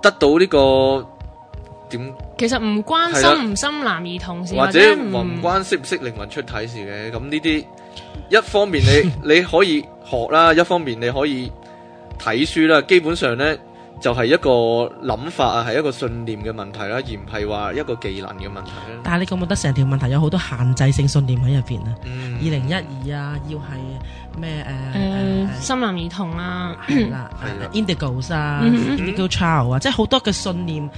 得到呢、這個點？其實唔關心唔深藍兒童事或者唔關心、嗯、識唔識靈魂出體事嘅，咁呢啲一方面你 你可以學啦，一方面你可以睇書啦，基本上咧。就係一個諗法啊，係一個信念嘅問題啦、啊，而唔係話一個技能嘅問題、啊、但係你覺唔覺得成條問題有好多限制性信念喺入邊啊？二零一二啊，要係咩誒森林兒童啊，係啦，Indigos 啊 Indigo Child 啊，即係好多嘅信念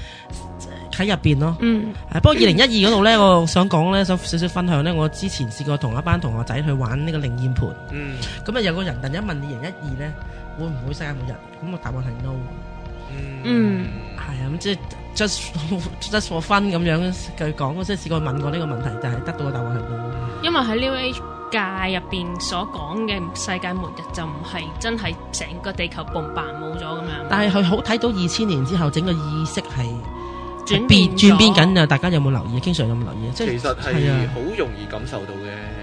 喺入邊咯。不過二零一二嗰度咧，我想講咧，想少少，少分享咧，我之前試過同一班同學仔去玩呢個靈驗盤。嗯。咁啊、嗯，嗯、有個人突然間問：二零一二咧，會唔會世界末日？咁我答案係 no? no。嗯，係啊，咁即係 just just 我分咁樣佢講，即係試過問過呢個問題，就係、是、得到嘅答案係咁。因為喺 New a 界入邊所講嘅世界末日就唔係真係成個地球半白冇咗咁樣。但係佢好睇到二千年之後整個意識係變轉變緊啊！大家有冇留意？經常有冇留意？即係其實係好容易感受到嘅。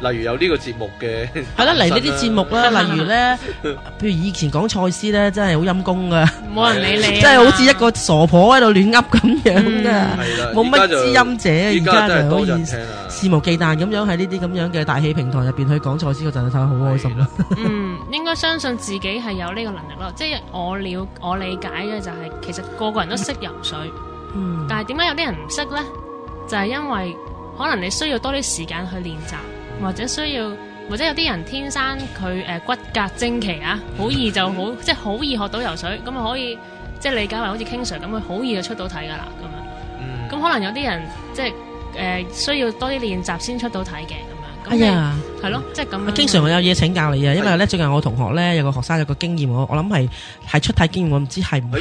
例如有呢個節目嘅係啦，嚟呢啲節目啦，例如咧，譬如以前講賽斯咧，真係好陰功噶，冇人理你，真係好似一個傻婆喺度亂噏咁樣噶，冇乜知音者。而家可以肆無忌憚咁樣喺呢啲咁樣嘅大氣平台入邊去講賽斯嗰陣，就睇得好開心啦。嗯，應該相信自己係有呢個能力咯。即係我了我理解嘅就係，其實個個人都識游水，嗯，但係點解有啲人唔識咧？就係因為可能你需要多啲時間去練習。或者需要，或者有啲人天生佢誒骨骼精奇啊，好易就好，即係好易學到游水，咁啊可以即係理解為好似 King Sir，咁佢好易就出到體噶啦咁樣。咁可能有啲人即係誒需要多啲練習先出到體嘅咁樣。哎呀，係咯，即係咁。King Sir，我有嘢請教你啊，因為咧最近我同學咧有個學生有個經驗，我我諗係係出體經驗，我唔知係唔係。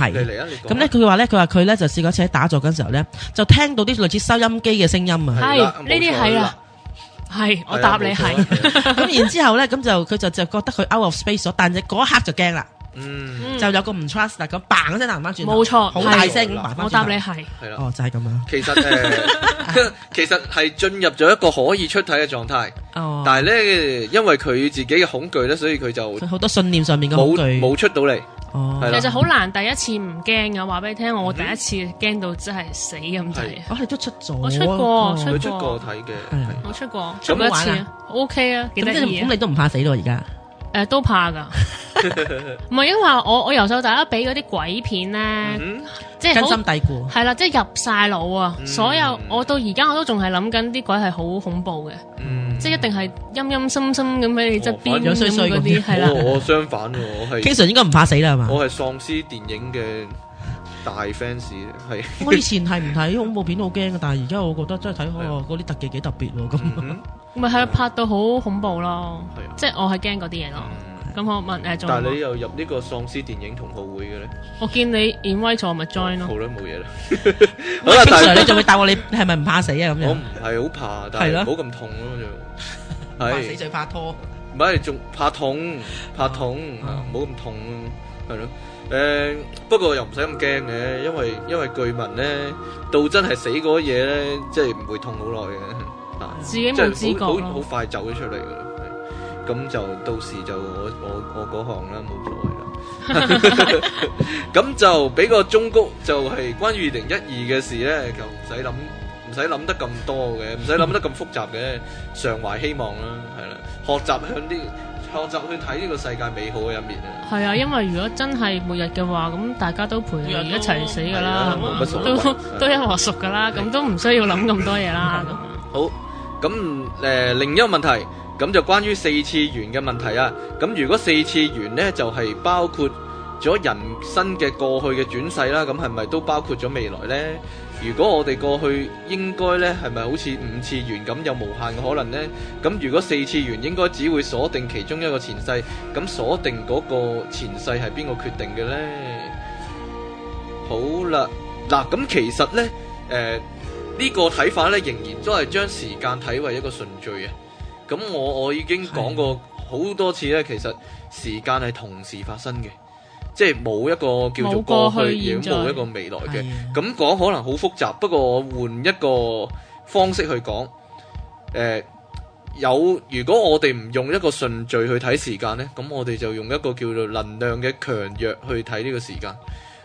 咁咧佢話咧佢話佢咧就試過一次喺打坐嗰時候咧，就聽到啲類似收音機嘅聲音啊。係，呢啲係啊。係，我答你係。咁然之後咧，咁就佢就就覺得佢 out of space 咗，但係嗰一刻就驚啦。嗯，就有個唔 trust 啦，咁 bang 真係反轉。冇錯，好大聲，我答你係。係啦，就係咁樣。其實誒，其實係進入咗一個可以出體嘅狀態。哦。但係咧，因為佢自己嘅恐懼咧，所以佢就好多信念上面嘅恐懼，冇出到嚟。哦、其實好難，第一次唔驚嘅。話俾你聽，我第一次驚到真係死咁滯。我係都出咗，我出過，出過睇嘅。我出過，出過一次。OK 啊，咁即咁你都唔怕死咯而家？誒，都怕噶，唔係因為我我由細到大都俾嗰啲鬼片咧，即係根深蒂固，係啦，即係入晒腦啊！所有我到而家我都仲係諗緊啲鬼係好恐怖嘅，即係一定係陰陰森森咁喺你側邊咁嗰啲，係啦。我相反喎，我係經常應該唔怕死啦嘛。我係喪屍電影嘅大 fans，係我以前係唔睇恐怖片好驚嘅，但係而家我覺得真係睇開嗰啲特技幾特別喎咁。咪係拍到好恐怖咯，即係我係驚嗰啲嘢咯。咁我問誒，但係你又入呢個喪屍電影同學會嘅咧？我見你 invite 咗咪 join 咯。好啦，冇嘢啦。好啦，但係你仲會答我？你係咪唔怕死啊？咁樣我唔係好怕，但係唔好咁痛咯。就係死就拍拖，唔係仲怕痛怕痛，唔好咁痛係咯。誒，不過又唔使咁驚嘅，因為因為據聞咧，到真係死嗰啲嘢咧，即係唔會痛好耐嘅。自己冇知覺，好快走咗出嚟噶啦，咁就到時就我我我嗰項啦，冇所謂啦。咁就俾個中谷，就係關於二零一二嘅事咧，就唔使諗，唔使諗得咁多嘅，唔使諗得咁複雜嘅，常懷希望啦，係啦，學習向啲，學習去睇呢個世界美好嘅一面啊。係啊，因為如果真係末日嘅話，咁大家都陪住一齊死噶啦，都都一鍋熟噶啦，咁都唔需要諗咁多嘢啦，咁好。咁誒，另一個問題，咁就關於四次元嘅問題啊。咁如果四次元呢，就係包括咗人生嘅過去嘅轉世啦。咁係咪都包括咗未來呢？如果我哋過去應該呢，係咪好似五次元咁有無限嘅可能呢？咁如果四次元應該只會鎖定其中一個前世，咁鎖定嗰個前世係邊個決定嘅呢？好啦，嗱，咁其實呢，誒。個呢個睇法咧，仍然都係將時間睇為一個順序嘅，咁我我已經講過好多次咧，的其實時間係同時發生嘅，即係冇一個叫做過去，亦冇一個未來嘅。咁的講可能好複雜，不過我換一個方式去講，誒、呃，有如果我哋唔用一個順序去睇時間呢，咁我哋就用一個叫做能量嘅強弱去睇呢個時間。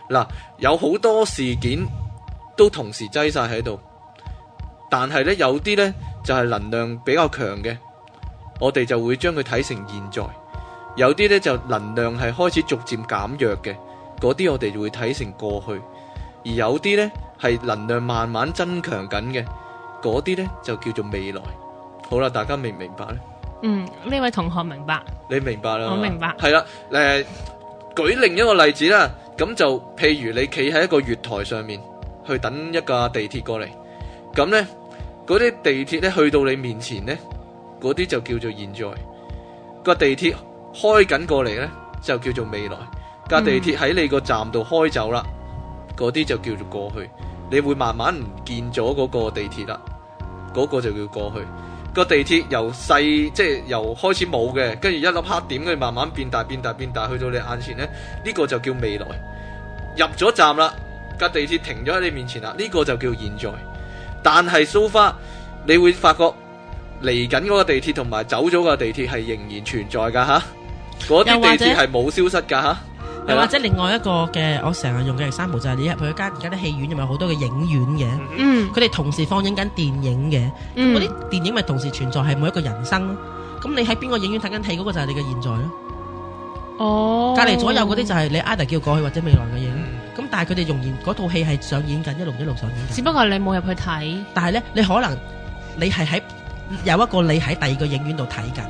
嗱，有好多事件都同時擠晒喺度。但係咧，有啲咧就係能量比較強嘅，我哋就會將佢睇成現在；有啲咧就能量係開始逐漸減弱嘅，嗰啲我哋就會睇成過去；而有啲咧係能量慢慢增強緊嘅，嗰啲咧就叫做未來。好啦，大家明唔明白咧？嗯，呢位同學明白。你明白啦？我明白。係啦，誒，舉另一個例子啦，咁就譬如你企喺一個月台上面去等一架地鐵過嚟，咁咧。嗰啲地鐵咧去到你面前呢，嗰啲就叫做現在；個地鐵開緊過嚟呢，就叫做未來；架、那個、地鐵喺你個站度開走啦，嗰啲、嗯、就叫做過去。你會慢慢唔見咗嗰個地鐵啦，嗰、個就叫過去。個地鐵由細即係由開始冇嘅，跟住一粒黑點佢慢慢變大變大變大，變大，去到你眼前呢，呢、個就叫未來。入咗站啦，架、那個、地鐵停咗喺你面前啦，呢、個就叫現在。但係 so far，你會發覺嚟緊嗰個地鐵同埋走咗個地鐵係仍然存在噶吓，嗰啲地鐵係冇消失噶吓。又或者另外一個嘅，我成日用嘅三模就係你入去一間而家啲戲院入面好多嘅影院嘅，嗯，佢哋同時放映緊電影嘅，咁嗰啲電影咪同時存在係每一個人生咯。咁你喺邊個影院睇緊戲嗰個就係你嘅現在咯。哦，隔離左右嗰啲就係你 either 叫過去或者未來嘅嘢咯。咁但係佢哋仍然嗰套戲係上演緊，一路一路上演緊。只不過你冇入去睇。但係咧，你可能你係喺有一個你喺第二個影院度睇緊。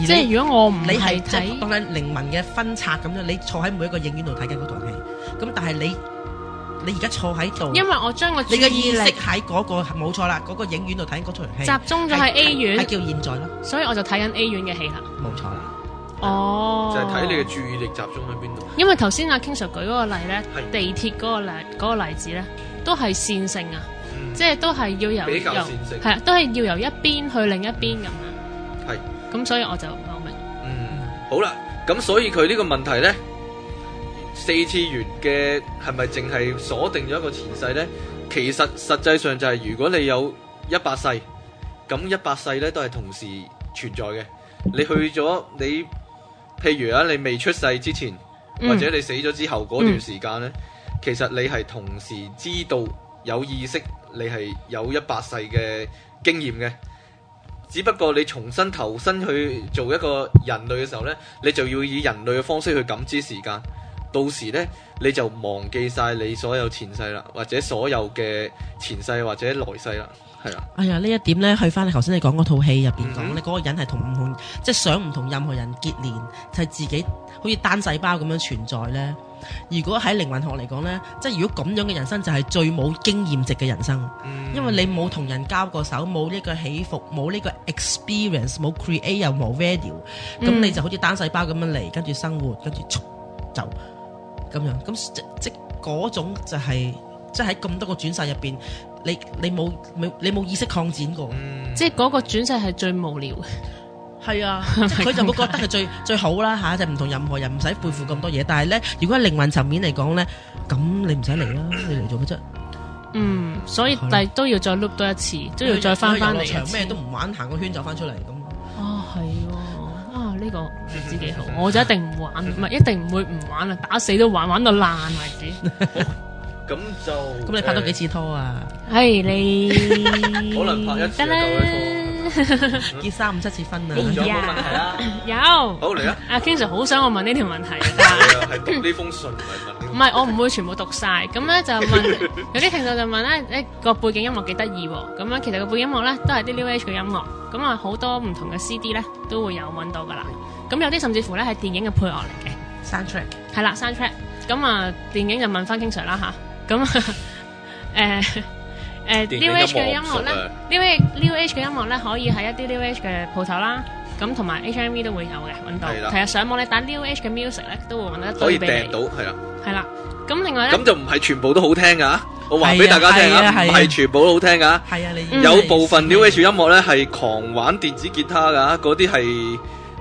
嗯、即係如果我唔理，係睇當係靈魂嘅分拆咁樣，你坐喺每一個影院度睇緊嗰套戲。咁但係你你而家坐喺度，因為我將個你嘅意識喺嗰、嗰個冇錯啦，嗰、嗰個影院度睇緊嗰套戲。集中咗喺 A 院，係叫現在咯。所以我就睇緊 A 院嘅戲啦。冇錯啦。哦，就睇你嘅注意力集中喺邊度。因為頭先阿 King Sir 舉嗰個例咧，地鐵嗰個例嗰個例子咧，都係線性啊，即係都係要由比較線性，係啊，都係要由一邊去另一邊咁啊。係，咁所以我就唔好明。嗯，好啦，咁所以佢呢個問題咧，四次元嘅係咪淨係鎖定咗一個前世咧？其實實際上就係如果你有一百世，咁一百世咧都係同時存在嘅。你去咗你。譬如啊，你未出世之前，或者你死咗之後嗰段時間呢、嗯、其實你係同時知道有意識，你係有一百世嘅經驗嘅。只不過你重新投身去做一個人類嘅時候呢，你就要以人類嘅方式去感知時間。到時呢，你就忘記晒你所有前世啦，或者所有嘅前世或者來世啦。係啦，哎呀，呢一點咧，去翻你頭先你講嗰套戲入邊講，你嗰、嗯、哼個人係同唔同，即係想唔同任何人結連，就係、是、自己好似單細胞咁樣存在咧。如果喺靈魂學嚟講咧，即係如果咁樣嘅人生就係最冇經驗值嘅人生，嗯、因為你冇同人交過手，冇呢個起伏，冇呢個 experience，冇 create 又冇 value，咁、嗯、你就好似單細胞咁樣嚟，跟住生活，跟住就咁樣，咁即即嗰種就係、是，即係喺咁多個轉世入邊。你你冇你冇意識擴展過，嗯、即係嗰個轉世係最無聊嘅，係啊，佢就會覺得係最 最好啦吓、啊，就唔、是、同任何人唔使背負咁多嘢。但係咧，如果喺靈魂層面嚟講咧，咁你唔使嚟啦，你嚟做乜啫？嗯，所以、啊、但係都要再碌多一次，都、啊、要再翻翻嚟。場咩都唔玩，行個圈就翻出嚟咁。啊，係、這、啊、個，啊呢個唔知幾好，我就一定唔玩，唔係 一定唔會唔玩啦，打死都玩，玩到爛為止。 咁就咁你拍咗幾次拖啊？係你可能拍一次到一次，結三五七次婚啦。有冇想我問下啦？有好嚟啊！阿 King Sir 好想我問呢條問題啊！就係讀呢封信，唔係問唔係我唔會全部讀曬咁咧，就問有啲聽眾就問咧，誒個背景音樂幾得意喎？咁樣其實個背景音樂咧都係啲 New Age 嘅音樂，咁啊好多唔同嘅 CD 咧都會有揾到噶啦。咁有啲甚至乎咧係電影嘅配樂嚟嘅，soundtrack 係啦，soundtrack 咁啊電影就問翻 King Sir 啦嚇。咁誒誒，New Age 嘅音樂咧，New Age New Age 嘅音樂咧，可以喺一啲 New Age 嘅鋪頭啦。咁同埋 HMV 都會有嘅，搵到。係啊的，其實上網咧打 New Age 嘅 music 咧，都會搵得到。可以訂到，係啊。係啦。咁、嗯嗯、另外咧，咁就唔係全部都好聽噶。我話俾大家聽啊，唔係全部都好聽噶。係啊，有部分 New Age 音樂咧係狂玩電子吉他噶，嗰啲係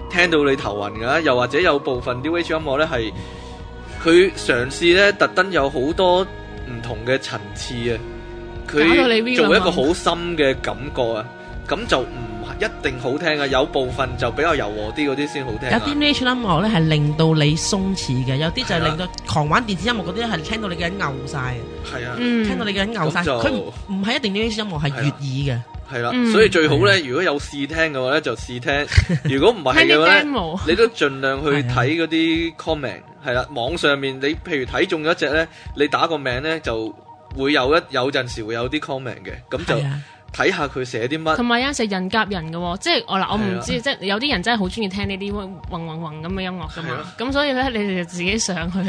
聽到你頭暈噶。又或者有部分 New Age 音樂咧係，佢嘗試咧特登有好多。唔同嘅層次啊，佢到你邊做一個好深嘅感覺啊，咁就唔一定好聽啊，有部分就比較柔和啲嗰啲先好聽。有啲呢啲音樂咧係令到你鬆弛嘅，有啲就係令到狂玩電子音樂嗰啲係聽到你嘅人牛曬。係啊，嗯、聽到你嘅人牛曬，佢唔唔係一定呢啲音樂係悅耳嘅。係啦，所以最好咧，如果有試聽嘅話咧，就試聽。如果唔係嘅話，你都盡量去睇嗰啲 comment。係啦，網上面你譬如睇中咗一隻咧，你打個名咧，就會有一有陣時會有啲 comment 嘅，咁就睇下佢寫啲乜。同埋有陣時人夾人嘅喎，即係我嗱，我唔知，即係有啲人真係好中意聽呢啲嗡嗡嗡咁嘅音樂㗎嘛。咁所以咧，你哋就自己上去，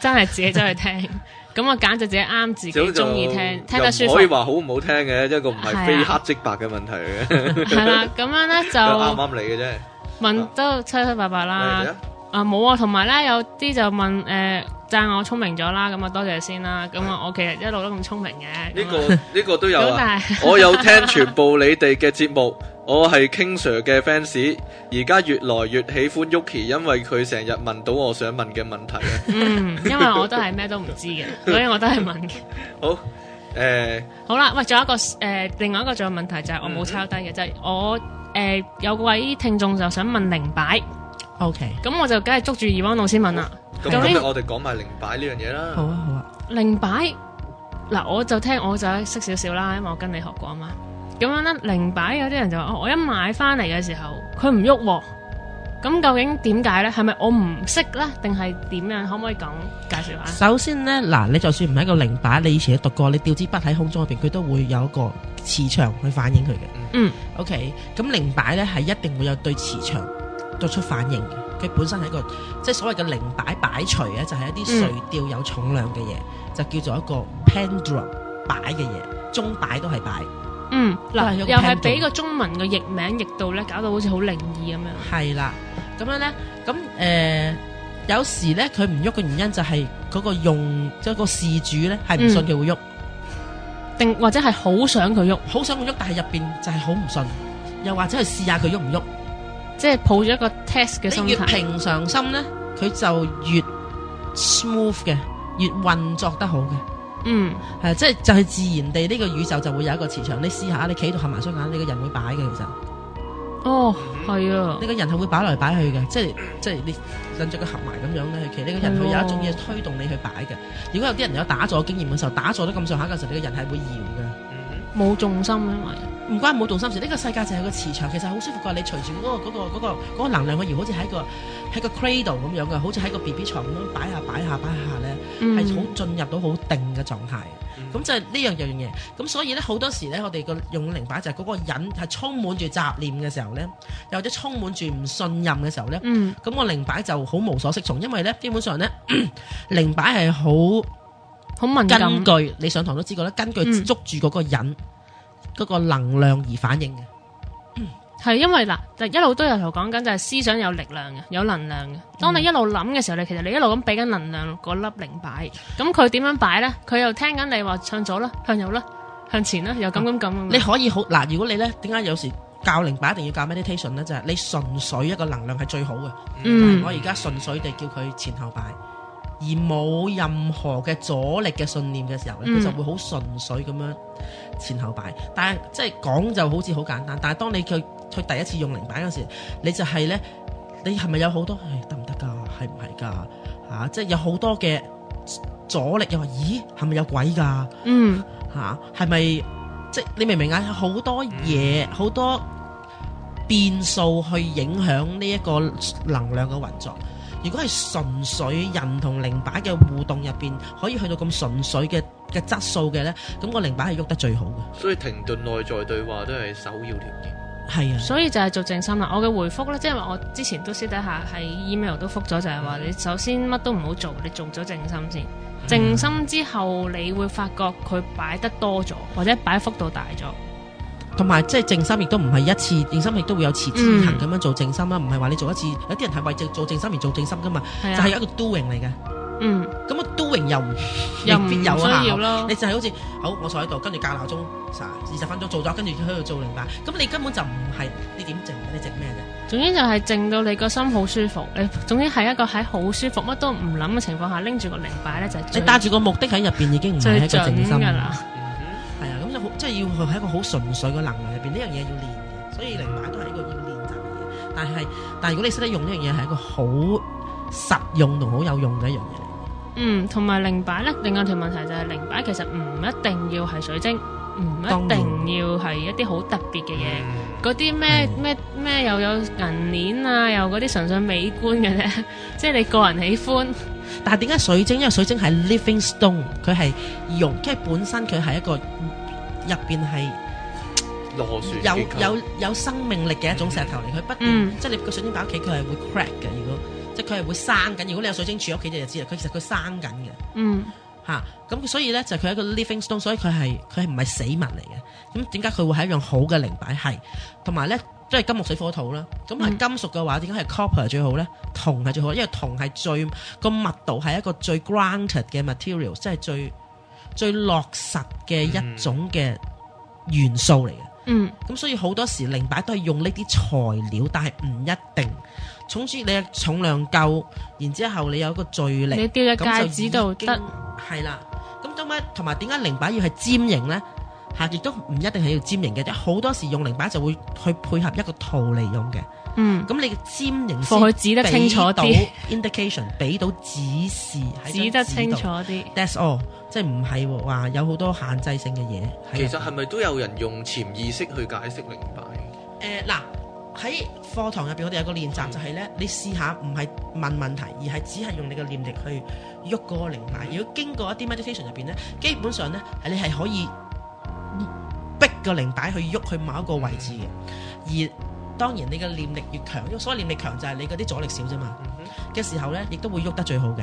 真係自己走去聽。咁啊，我簡直自己啱自己中意聽，聽得舒服。可以話好唔好聽嘅，一個唔係非黑即白嘅問題嘅。係啦，咁樣咧就啱啱嚟嘅啫，問都七七八八啦。 啊冇啊，同埋咧有啲就問誒讚、呃、我聰明咗啦，咁、嗯、啊多謝先啦。咁啊我其實一路都咁聰明嘅。呢個呢個都有。我有聽全部你哋嘅節目，我係 King Sir 嘅 fans，而家越來越喜歡 Yuki，因為佢成日問到我想問嘅問題咧。嗯，嗯嗯因為我都係咩都唔知嘅，所以 我都係問嘅。好誒，呃、好啦，喂，仲有一個誒、呃，另外一個仲有問題就係我冇抄低嘅，嗯、就係我誒、呃、有位聽眾就想問零擺。OK，咁我就梗係捉住二灣老師問啦。咁不、嗯、竟我哋講埋靈擺呢樣嘢啦。好啊好啊，靈擺嗱，我就聽我就識少少啦，因為我跟你學過啊嘛。咁樣咧，靈擺有啲人就話我一買翻嚟嘅時候佢唔喐，咁、哦嗯、究竟點解咧？係咪我唔識咧？定係點樣？可唔可以講介紹下？首先咧，嗱，你就算唔係一個靈擺，你以前都讀過，你掉支筆喺空中入邊，佢都會有一個磁場去反映佢嘅。嗯，OK，咁靈擺咧係一定會有對磁場。作出反應，佢本身係一個即係所謂嘅靈擺擺錘咧，就係、是、一啲垂吊有重量嘅嘢，嗯、就叫做一個 pendulum 擺嘅嘢，鐘擺都係擺。嗯，嗱，又係俾個中文嘅譯名譯到咧，搞到好似好靈異咁樣。係啦，咁樣咧，咁誒、呃，有時咧佢唔喐嘅原因就係嗰個用即係、那個事主咧係唔信佢會喐，定、嗯、或者係好想佢喐，好想佢喐，但係入邊就係好唔信，又或者係試下佢喐唔喐。即係抱住一個 test 嘅心態，你越平常心咧，佢就越 smooth 嘅，越運作得好嘅。嗯，係、呃，即係就係、是、自然地呢、呢個宇宙就會有一個磁場。你試下，你企到合埋雙眼，你個人會擺嘅，其實。哦，係啊，你個人係會擺來擺去嘅，即係即係你瞓着佢合埋咁樣咧，其實，呢、呢個人會有一種嘢推動你去擺嘅。哦、如果有啲人有打坐經驗嘅時候，打坐都咁上下嘅時候，你、你個人係會搖嘅。冇重心啊嘛，唔關冇重心事。呢、這個世界就係個磁場，其實好舒服噶、那個。你隨住嗰個、那個個、那個能量個搖，好似喺個喺個 cradle 咁樣嘅，好似喺個 B B 床咁樣擺下擺下擺下咧，係好進入到好定嘅狀態。咁、嗯、就呢樣又樣嘢。咁所以咧，好多時咧，我哋個用靈擺就係嗰個人係充滿住雜念嘅時候咧，又或者充滿住唔信任嘅時候咧，咁、嗯、個靈擺就好無所適從，因為咧，基本上咧，靈擺係好。根據你上堂都知道，咧，根據捉住嗰個人嗰、嗯、個能量而反應嘅，係、嗯、因為嗱，一路都有頭講緊就係思想有力量嘅，有能量嘅。當你一路諗嘅時候，你、嗯、其實你一路咁俾緊能量嗰粒靈擺，咁佢點樣擺咧？佢又聽緊你話向左啦，向右啦，向前啦，又咁咁咁。嗯、你可以好嗱，如果你咧，點解有時教靈擺一定要教 meditation 咧？就係、是、你純粹一個能量係最好嘅。嗯，我而家純粹地叫佢前後擺。而冇任何嘅阻力嘅信念嘅時候，佢、嗯、就會好純粹咁樣前後擺。但係即係講就好似好簡單，但係當你佢佢第一次用靈擺嗰時，你就係咧，你係咪有好多？誒得唔得㗎？係唔係㗎？嚇、啊！即係有好多嘅阻力，又話：咦，係咪有鬼㗎？嗯嚇，係咪、啊、即係你明唔明啊？好多嘢，好、嗯、多變數去影響呢一個能量嘅運作。如果係純粹人同靈擺嘅互動入邊，可以去到咁純粹嘅嘅質素嘅呢，咁個靈擺係喐得最好嘅。所以停頓內在對話都係首要條件，係啊。所以就係做靜心啦。我嘅回覆呢，即係話我之前都私底下喺 email 都覆咗，就係話你首先乜都唔好做，你做咗靜心先。嗯。靜心之後，你會發覺佢擺得多咗，或者擺幅度大咗。同埋即係靜心，亦都唔係一次靜心，亦都會有持之以恆咁樣做靜心啦、啊。唔係話你做一次，有啲人係為做靜心而做靜心噶嘛，啊、就係一個 doing 嚟嘅。嗯，咁啊 doing 又又唔你有、啊、要咯、啊，好你就係好似好我坐喺度，跟住教鬧鐘，二十分鐘做咗，跟住喺度做冥想，咁你根本就唔係你點靜，你靜咩啫？總之就係靜到你個心好舒服，你總之係一個喺好舒服，乜都唔諗嘅情況下，拎住個冥想咧就係、是。你帶住個目的喺入邊已經唔係一個靜心噶啦。即係要佢喺一個好純粹嘅能量入邊，呢樣嘢要練嘅，所以靈擺都係一個要練習嘅。但係，但係如果你識得用呢樣嘢，係一個好實用同好有用嘅一樣嘢嚟。嗯，同埋靈擺咧，另外條問題就係靈擺其實唔一定要係水晶，唔一定要係一啲好特別嘅嘢。嗰啲咩咩咩又有銀鏈啊，又嗰啲純粹美觀嘅咧，即 係你個人喜歡。但係點解水晶？因為水晶係 living stone，佢係用即係本身佢係一個。入邊係有有有生命力嘅一種石頭嚟，佢不斷即係你個水晶擺屋企，佢係會 crack 嘅。如果即係佢係會生緊，如果你有水晶柱喺屋企就知啦。佢其實佢生緊嘅。嗯，吓，咁所以咧就佢係一個 living stone，所以佢係佢係唔係死物嚟嘅。咁點解佢會係一樣好嘅靈擺？係同埋咧都係金木水火土啦。咁係金屬嘅話，點解係 copper 最好咧？銅係最好，因為銅係最個密度係一個最 grounded 嘅 material，即係最。最落實嘅一種嘅元素嚟嘅，嗯，咁所以好多時靈擺都係用呢啲材料，但係唔一定，總之你嘅重量夠，然之後你有一個墜力，你吊喺戒指度得，係啦、嗯，咁點解同埋點解靈擺要係尖形咧？吓、啊，亦都唔一定係要尖形嘅，即好多時用靈擺就會去配合一個套嚟用嘅。嗯，咁你嘅尖型，清楚到 indication，俾到指示， 指得清楚啲。 That's all，即係唔係？哇，有好多限制性嘅嘢。其實係咪都有人用潛意識去解釋靈擺？誒、呃，嗱，喺課堂入邊，我哋有個練習就係咧，你試下唔係問問題，而係只係用你嘅念力去喐嗰個靈擺。如果經過一啲 meditation 入邊咧，基本上咧係你係可以逼個靈擺去喐去某一個位置嘅，嗯、而。當然你嘅念力越強，因為所謂念力強就係你嗰啲阻力少啫嘛。嘅、mm hmm. 時候咧，亦都會喐得最好嘅。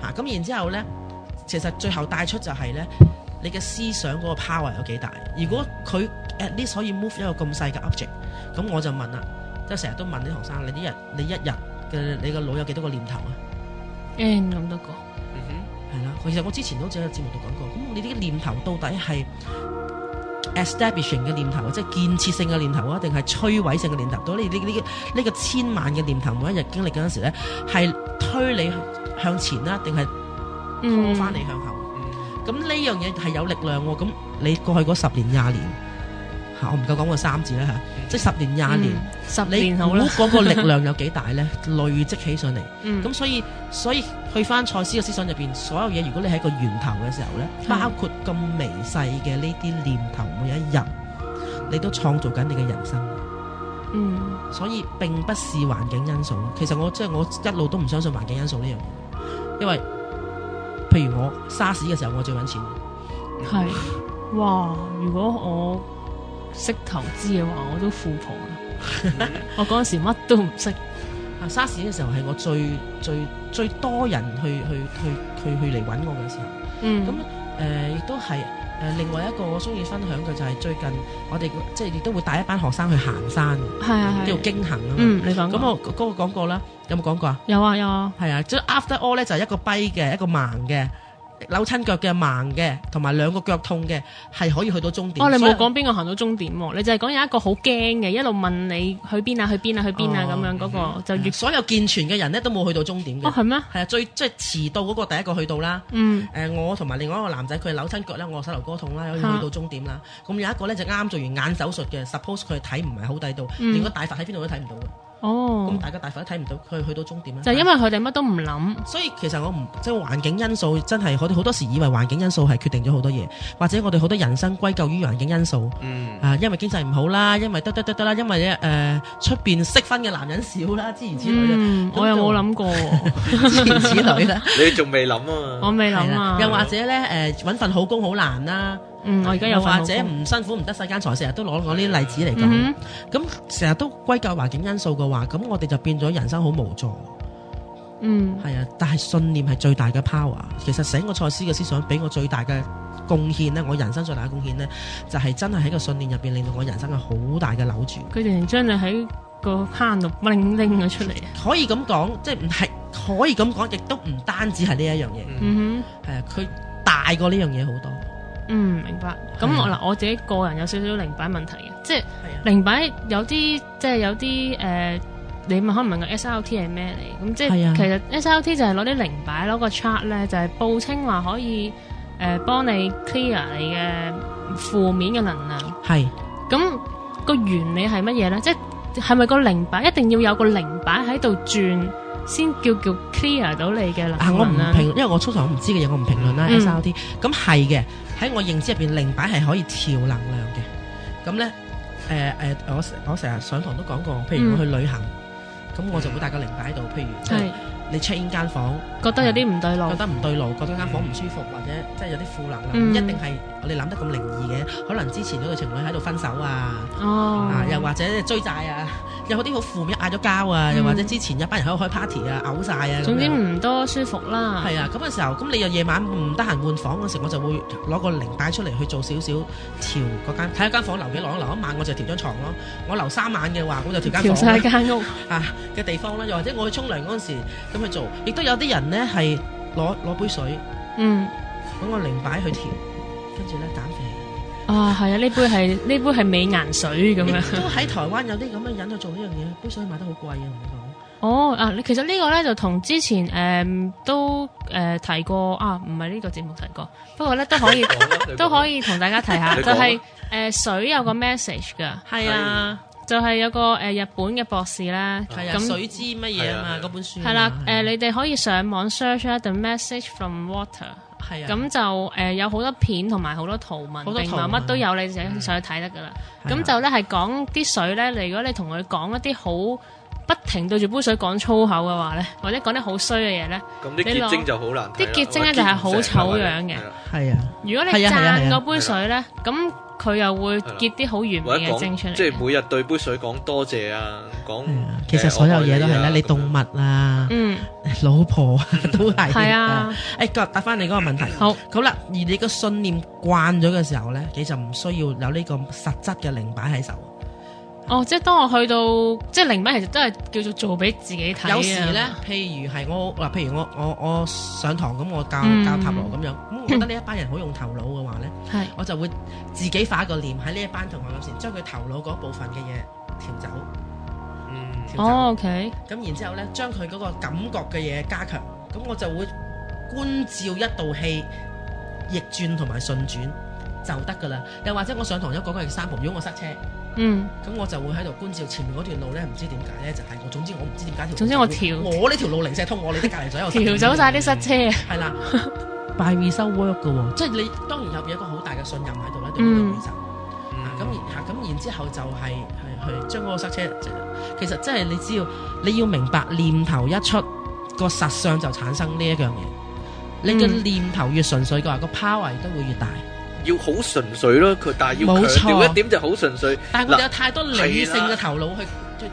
吓咁、mm hmm. 啊、然之後咧，其實最後帶出就係咧，你嘅思想嗰個 power 有幾大？如果佢 at least 可以 move 一個咁細嘅 object，咁我就問啦，就成日都問啲學生，你一日你一日嘅你個腦有幾多個念頭啊？嗯、mm，咁多個。嗯哼，係啦。其實我之前都似喺節目度講過，咁你啲念頭到底係？Establishing 嘅念頭，即係建設性嘅念頭啊，定係摧毀性嘅念頭？多呢呢呢呢個千萬嘅念頭，每一日經歷嗰陣時咧，係推你向前啦，定係拖翻你向後？咁呢、嗯嗯、樣嘢係有力量，咁你過去嗰十年廿年。我唔夠講個三字啦吓、啊，即係十年、廿年、嗯、你猜 十年好嗰個力量有幾大咧？ 累積起上嚟，咁、嗯、所以所以去翻賽斯嘅思想入邊，所有嘢如果你喺個源頭嘅時候咧，嗯、包括咁微細嘅呢啲念頭，每一日你都創造緊你嘅人生。嗯，所以並不是環境因素。其實我即係、就是、我一路都唔相信環境因素呢樣嘢，因為譬如我沙士嘅時候，我最搵錢。係是，哇！ 如果我識投資嘅話，我都富婆啦。 我嗰時乜都唔識。啊，SARS 嘅時候係我最最最多人去去去去去嚟搵我嘅時候。嗯。咁誒亦都係誒、呃、另外一個我中意分享嘅就係最近我哋即係亦都會帶一班學生去行山。係啊係。叫做驚行啊嗯。你講。咁我嗰、嗰個講過啦，有冇講過有啊？有啊有啊。係啊，即 After All 咧，就係一個跛嘅一個盲嘅。扭親腳嘅盲嘅，同埋兩個腳痛嘅係可以去到終點。哦，你冇講邊個行到終點，啊，以你就係講有一個好驚嘅，一路問你去邊啊，去邊啊，去邊啊咁樣嗰、那個、嗯、就越所有健全嘅人咧都冇去到終點嘅。哦，係咩？係啊，最即係遲到嗰個第一個去到啦。誒、嗯呃，我同埋另外一個男仔，佢扭親腳咧，我手膝頭哥痛啦，可以去到終點啦。咁、啊、有一個咧就啱、是、做完眼手術嘅，suppose 佢睇唔係好地道，連個大佛喺邊度都睇唔到嘅。嗯哦，咁大家大份都睇唔到，佢去到終點咧，就因為佢哋乜都唔諗，所以其實我唔即係環境因素真係我哋好多時以為環境因素係決定咗好多嘢，或者我哋好多人生歸咎於環境因素，嗯、呃，啊因為經濟唔好啦，因為得得得得啦，因為咧誒出邊識婚嘅男人少啦，之、嗯、之類啦，我又冇諗過、哦，之 之類啦的，你仲未諗啊？我未諗啊，啊，又或者咧誒搵份好工好難啦。嗯、我而家又或者唔辛苦唔得世間財，成日都攞我呢啲例子嚟講，咁成日都歸咎環境因素嘅話，咁我哋就變咗人生好無助。嗯、mm，係、hmm。啊，但係信念係最大嘅 power。其實成個賽斯嘅思想俾我最大嘅貢獻咧，我人生最大嘅貢獻咧，就係、是、真係喺個信念入邊，令到我人生係好大嘅扭轉。佢哋將你喺個坑度拎拎咗出嚟、嗯，可以咁講，即係唔係可以咁講，亦都唔單止係呢一樣嘢。係啊、mm，佢、hmm。大過呢樣嘢好多。嗯，明白。咁我嗱，我自己個人有少少靈擺問題嘅，即係靈擺有啲，即係有啲誒，你咪可能問個 S L T 係咩嚟？咁即係其實 S L T 就係攞啲靈擺攞個 chart 咧，就係報稱話可以誒幫你 clear 你嘅負面嘅能量。係。咁個原理係乜嘢咧？即係係咪個靈擺一定要有個靈擺喺度轉先叫叫 clear 到你嘅能量啦？啊，我唔評，因為我初頭我唔知嘅嘢，我唔評論啦。S L T 咁係嘅。喺我認知入邊，靈擺係可以調能量嘅。咁咧，誒、呃、誒、呃，我我成日上堂都講過，譬如我去旅行，咁、嗯、我就會帶個靈擺喺度。譬如、嗯哦、你 check in 間房、嗯，覺得有啲唔對路，覺得唔對路，覺得間房唔舒服，或者即係有啲負能量，嗯、唔一定係我哋諗得咁靈異嘅。可能之前嗰個情侶喺度分手啊，哦、啊，又或者追債啊。有啲好負面嗌咗交啊，又、嗯、或者之前一班人喺度開 party 啊，嘔晒啊。總之唔多舒服啦。係啊，咁嘅時候，咁你又夜晚唔得閒換房嗰時，我就會攞個靈擺出嚟去做少少調嗰間，睇下間房留幾耐，留一晚我就調張床咯。我留三晚嘅話，我就調曬間房調屋 啊嘅地方啦，又或者我去沖涼嗰陣時咁去做，亦都有啲人呢係攞攞杯水，嗯，揾個靈擺去調，跟住咧減肥。啊，係啊！呢杯係呢杯係美顏水咁樣。都喺台灣有啲咁嘅人去做呢樣嘢，杯水賣得好貴啊！哦，啊，你其實呢個咧就同之前誒都誒提過啊，唔係呢個節目提過，不過咧都可以都可以同大家提下，就係誒水有個 message 噶。係啊，就係有個誒日本嘅博士啦。咁水知乜嘢啊嘛？嗰本書。係啦，誒你哋可以上網 search 下 The Message from Water。咁就誒有好多片同埋好多圖文、好多圖文乜都有，你自己上去睇得噶啦。咁就咧係講啲水咧，你如果你同佢講一啲好不停對住杯水講粗口嘅話咧，或者講啲好衰嘅嘢咧，啲結晶就好難睇。啲結晶咧就係好醜樣嘅，係啊。如果你讚嗰杯水咧，咁。佢又會結啲好完美嘅晶出嚟，即係、就是、每日對杯水講多謝，謝啊，講、嗯、其實所有嘢都係咧，你，啊、你動物啊，啊嗯，老婆都係是，係 啊，誒、啊，今、哎、答翻你嗰個問題， 好，好啦，而你個信念慣咗嘅時候咧，你就唔需要有呢個實質嘅靈擺喺手。哦，即係當我去到即係靈敏，其實都係叫做做俾自己睇。有時咧，譬如係我嗱，譬如我我我上堂咁，我教、嗯、教塔羅咁樣，咁我覺得呢一班人好用頭腦嘅話咧，係、嗯，我就會自己化個念喺呢一班同學眼前，將佢頭腦嗰部分嘅嘢調走。嗯。走哦，OK。咁然之後咧，將佢嗰個感覺嘅嘢加強，咁我就會觀照一道氣，逆轉同埋順轉就得噶啦。又或者我上堂有講過係三步，如果我塞車。嗯，咁我就會喺度觀照前面嗰段路咧，唔知點解咧就係我，總之我唔知點解條，總之我調，我呢條路零舍通，我你隔籬咗，右調走晒啲塞車，係啦，by result work 噶，即係你當然有有一個好大嘅信任喺度咧，對呢個 result，啊咁然吓咁然之後就係係係將嗰個塞車，其實真係你只要你要明白念頭一出個實相就產生呢一樣嘢，你嘅念頭越純粹嘅話，個 power 都會越大。要好純粹咯，佢但係要強調一點就係好純粹，但係佢哋有太多理性嘅頭腦去，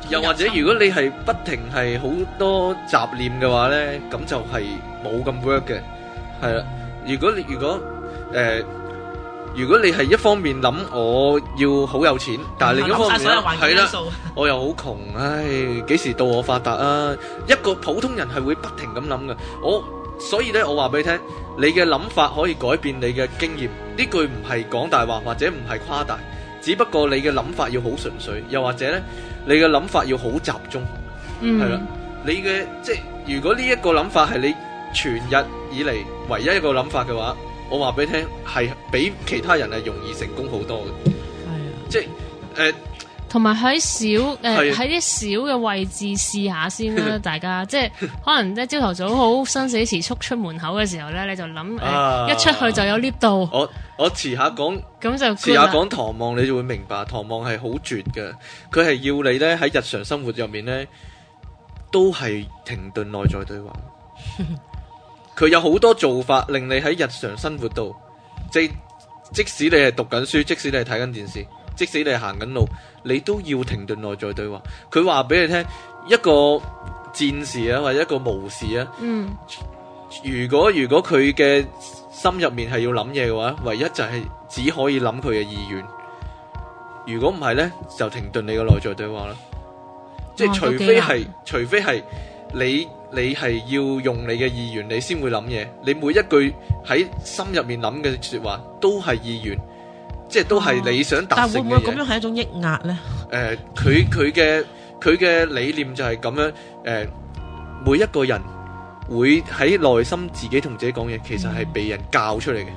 又或者如果你係不停係好多雜念嘅話咧，咁就係冇咁 work 嘅，係啦。如果你如果誒，如果你係一方面諗我要好有錢，但係另一方面係啦，我又好窮，唉，幾時到我發達啊？一個普通人係會不停咁諗㗎，我所以咧，我話俾你聽，你嘅諗法可以改變你嘅經驗。呢句唔係講大話，或者唔係誇大，只不過你嘅諗法要好純粹，又或者呢，你嘅諗法要好集中，係啦、嗯，你嘅即係如果呢一個諗法係你全日以嚟唯一一個諗法嘅話，我話俾你聽係比其他人係容易成功好多嘅，係啊、哎呀，即係、呃同埋喺小誒，喺、呃、啲的小嘅位置試下先啦、啊。大家 即係可能咧，朝頭早好生死時速出門口嘅時候呢，你就諗、呃啊、一出去就有 lift 到。我我遲下講，咁就遲、啊、下講唐望，你就會明白唐望係好絕嘅。佢係要你呢喺，日常生活入面呢，都係停頓內在對話。佢 有好多做法，令你喺日常生活度即即使你係讀緊書，即使你係睇緊電視，即使你係行緊路。你都要停頓內在對話，佢話俾你聽，一個戰士啊，或者一個武士啊，嗯，如果如果佢嘅心入面係要諗嘢嘅話，唯一就係只可以諗佢嘅意願。如果唔係呢，就停頓你嘅內在對話啦。即係除非係，除非係你，你係要用你嘅意願，你先會諗嘢。你每一句喺心入面諗嘅說話，都係意願。即係都係你想達，但會唔會咁樣係一種抑壓呢？誒、呃，佢佢嘅佢嘅理念就係咁樣，誒、呃，每一個人會喺內心自己同自己講嘢，其實係被人教出嚟嘅。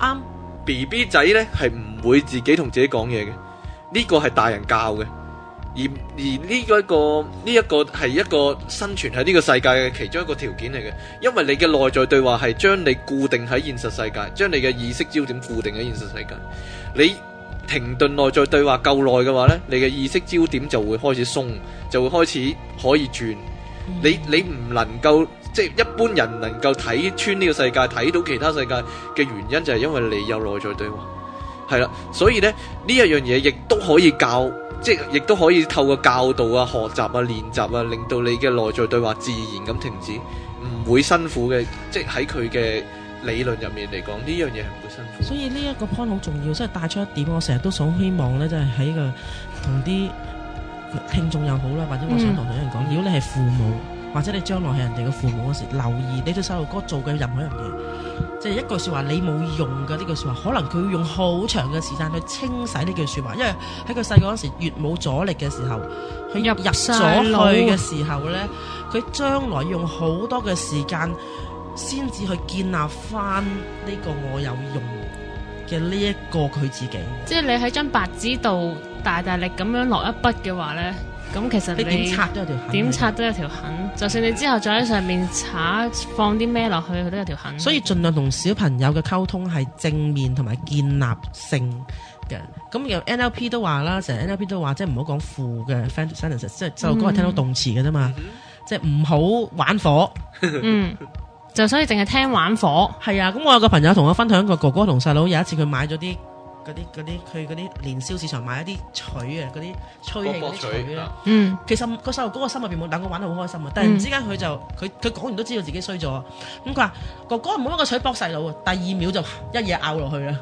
啱，B B 仔呢係唔會自己同自己講嘢嘅，呢、呢個係大人教嘅。而而呢一個呢一個係一個生存喺呢個世界嘅其中一個條件嚟嘅，因為你嘅內在對話係將你固定喺現實世界，將你嘅意識焦點固定喺現實世界。你停頓內在對話夠耐嘅話呢，你嘅意識焦點就會開始鬆，就會開始可以轉。你你唔能夠即係一般人能夠睇穿呢個世界，睇到其他世界嘅原因就係因為你有內在對話，係啦。所以咧呢一樣嘢亦都可以教。即係亦都可以透過教導啊、學習啊、練習啊，令到你嘅內在對話自然咁停止，唔會辛苦嘅。即係喺佢嘅理論入面嚟講，呢樣嘢係唔會辛苦。所以呢一個 point 好重要，即係帶出一點，我成日都想希望咧，即係喺個同啲聽眾又好啦，或者我想同同人講，嗯、如果你係父母，或者你將來係人哋嘅父母嗰時，留意你對細路哥做嘅任何一樣嘢，即係一句說話你冇用嘅呢句說話，可能佢要用好長嘅時間去清洗呢句說話，因為喺佢細個嗰時越冇阻力嘅時候，佢入入咗去嘅時候呢，佢將來要用好多嘅時間先至去建立翻呢個我有用嘅呢一個佢自己。即係你喺張白紙度大大力咁樣落一筆嘅話呢。咁其實你點擦都有條痕，點擦都有條痕。就算你之後再喺上面擦，放啲咩落去，佢都有條痕。所以盡量同小朋友嘅溝通係正面同埋建立性嘅。咁由 NLP 都話啦，成日 NLP 都話，即係唔好講負嘅 fantasy，細路哥係聽到動詞嘅啫嘛，嗯、即係唔好玩火。嗯， 就所以淨係聽玩火。係 啊，咁我有個朋友同我分享，個哥哥同細佬有一次佢買咗啲。嗰啲啲去啲年宵市場買一啲錘啊嗰啲吹氣嗰啲錘，嗯，其實個細路哥個心入邊冇諗，佢玩到好開心啊！突然之間佢就佢佢講完都知道自己衰咗，咁佢話哥哥唔好拎個錘幫細路啊！第二秒就一嘢咬落去啦。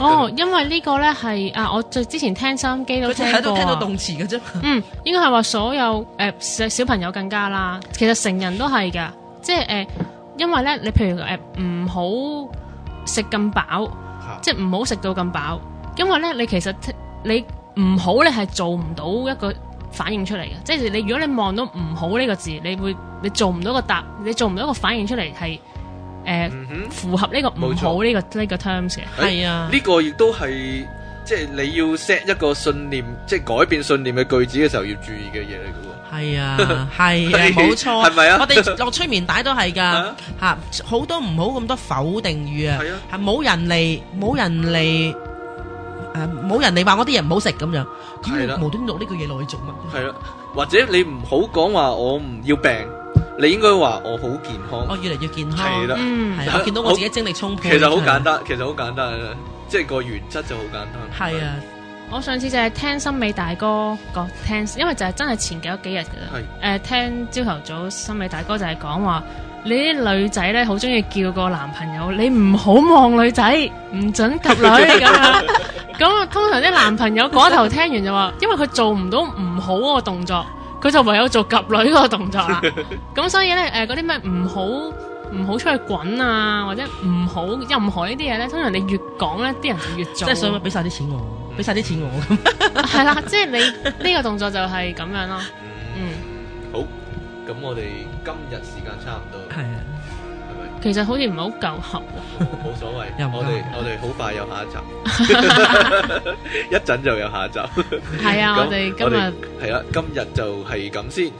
哦，因為呢個咧係啊，我最之前聽收音機都聽過啊，聽到動詞嘅啫。嗯，應該係話所有誒小朋友更加啦，其實成人都係嘅，即係誒，因為咧你譬如誒唔好食咁飽。即係唔好食到咁飽，因為咧你其實你唔好你係做唔到一個反應出嚟嘅，即係你如果你望到唔好呢個字，你會你做唔到個答，你做唔到個反應出嚟係誒符合呢個唔好呢、這個呢錯個 terms 嘅，係、哎、啊，呢個亦都係。即係你要 set 一個信念，即係改變信念嘅句子嘅時候，要注意嘅嘢嚟嘅喎。係啊，係係冇錯，係咪啊？我哋落催眠帶都係噶吓，好多唔好咁多否定語啊，係冇人嚟，冇人嚟，誒，冇人嚟話我啲嘢唔好食咁樣，佢無端端落呢句嘢落去做乜？係啦，或者你唔好講話我唔要病，你應該話我好健康，我越嚟越健康，係啦，嗯，我見到我自己精力充沛，其實好簡單，其實好簡單。即係個原則就好簡單。係啊，對我上次就係聽心美大哥講，聽因為就係真係前幾多日㗎啦。係誒是、呃，聽朝頭早心美大哥就係講話，你啲女仔咧好中意叫個男朋友，你唔好望女仔，唔准及女咁 樣。咁通常啲男朋友嗰頭聽完就話，因為佢做唔到唔好個動作，佢就唯有做及女個動作。咁 所以咧誒，嗰啲咩唔好？唔好出去滾啊，或者唔好任何呢啲嘢咧。通常你越講咧，啲人就越做。即係想俾晒啲錢我，俾晒啲錢我咁。係啦，即係你呢個動作就係咁樣咯。 嗯，好。咁我哋今日時間差唔多。係啊。其實好似唔係好夠合啊，冇所謂，因為我哋我哋好快有下一集，一陣就有下一集，係啊，我哋今日係啦，今日就係咁先，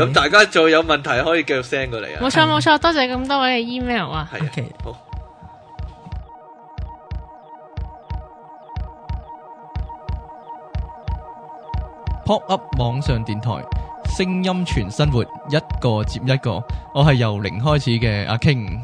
咁大家再有問題可以繼續 send 過嚟啊，冇錯冇錯，多謝咁多位嘅 email 啊，係，好，pop up 網上電台。聲音全生活，一個接一個。我係由零開始嘅阿 King。